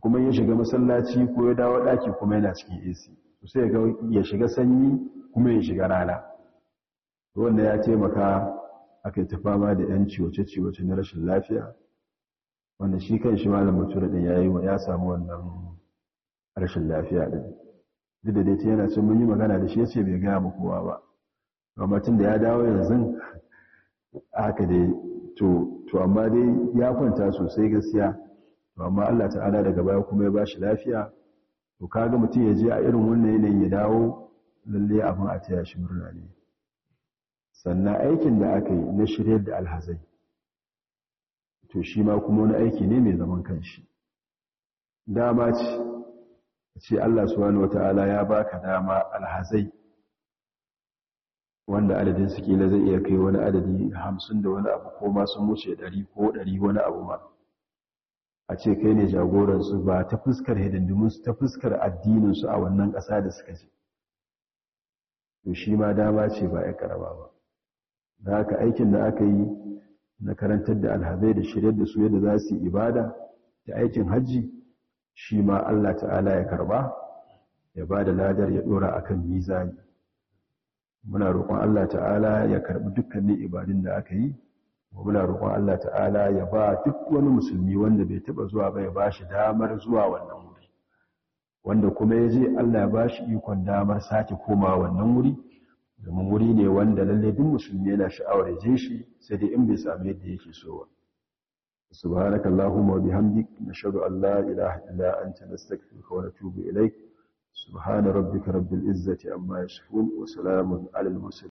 Speaker 1: kuma ya shiga masallaci ko ya dawo daki kuma yana cikin AC sai ga ya shiga sanyi kuma ya shiga rana wanda ya taimaka akai ta fama da yan ciwo ciwace na rashin lafiya wanda shi kan shi malam mutura din yayi wa ya samu wannan rashin lafiya din duk da dai ta yana cin mun yi magana da shi ya ce bai gaya mu kowa ba amma tun da ya dawo yanzu haka dai to amma dai ya kwanta sosai gaskiya to amma Allah ta'ala daga baya kuma ya shi lafiya to kaga mutum ya je a irin wannan yanayin ya dawo lalle abin a taya shi murna ne sannan aikin da aka yi na shiryar da alhazai to shi ma kuma wani aiki ne mai zaman kanshi dama ce ce Allah subhanahu wataala ya baka dama alhazai wanda adadin su kila zai iya kai wani adadi hamsin da wani abu ko ma sun wuce ɗari ko ɗari wani abu ma a ce kai ne jagoransu ba ta fuskar hidindiminsu ta fuskar addininsu a wannan ƙasa da suka ce to shi ma dama ce ba ya karaba ba da haka aikin da aka yi na karantar da alhazai da shirya da su yadda za su yi ibada da aikin hajji shi ma allah ta'ala ya karba ya ba da ladar ya ɗora akan kan mizani muna roƙon Allah ta'ala ya karɓi dukkanin ibadun da aka yi muna roƙon Allah ta'ala ya ba duk wani musulmi wanda bai taɓa zuwa ba ya ba shi damar zuwa wannan wuri wanda kuma ya je Allah ya ba shi ikon damar sake komawa wannan wuri domin wuri ne wanda lalle duk musulmi yana sha'awar ya je shi sai dai in bai samu yadda yake so ba subhanakallahumma wa bihamdik nashhadu an la ilaha illa anta nastaghfiruka wa natubu ilaik سبحان ربك رب العزة عما يصفون وسلام على المرسلين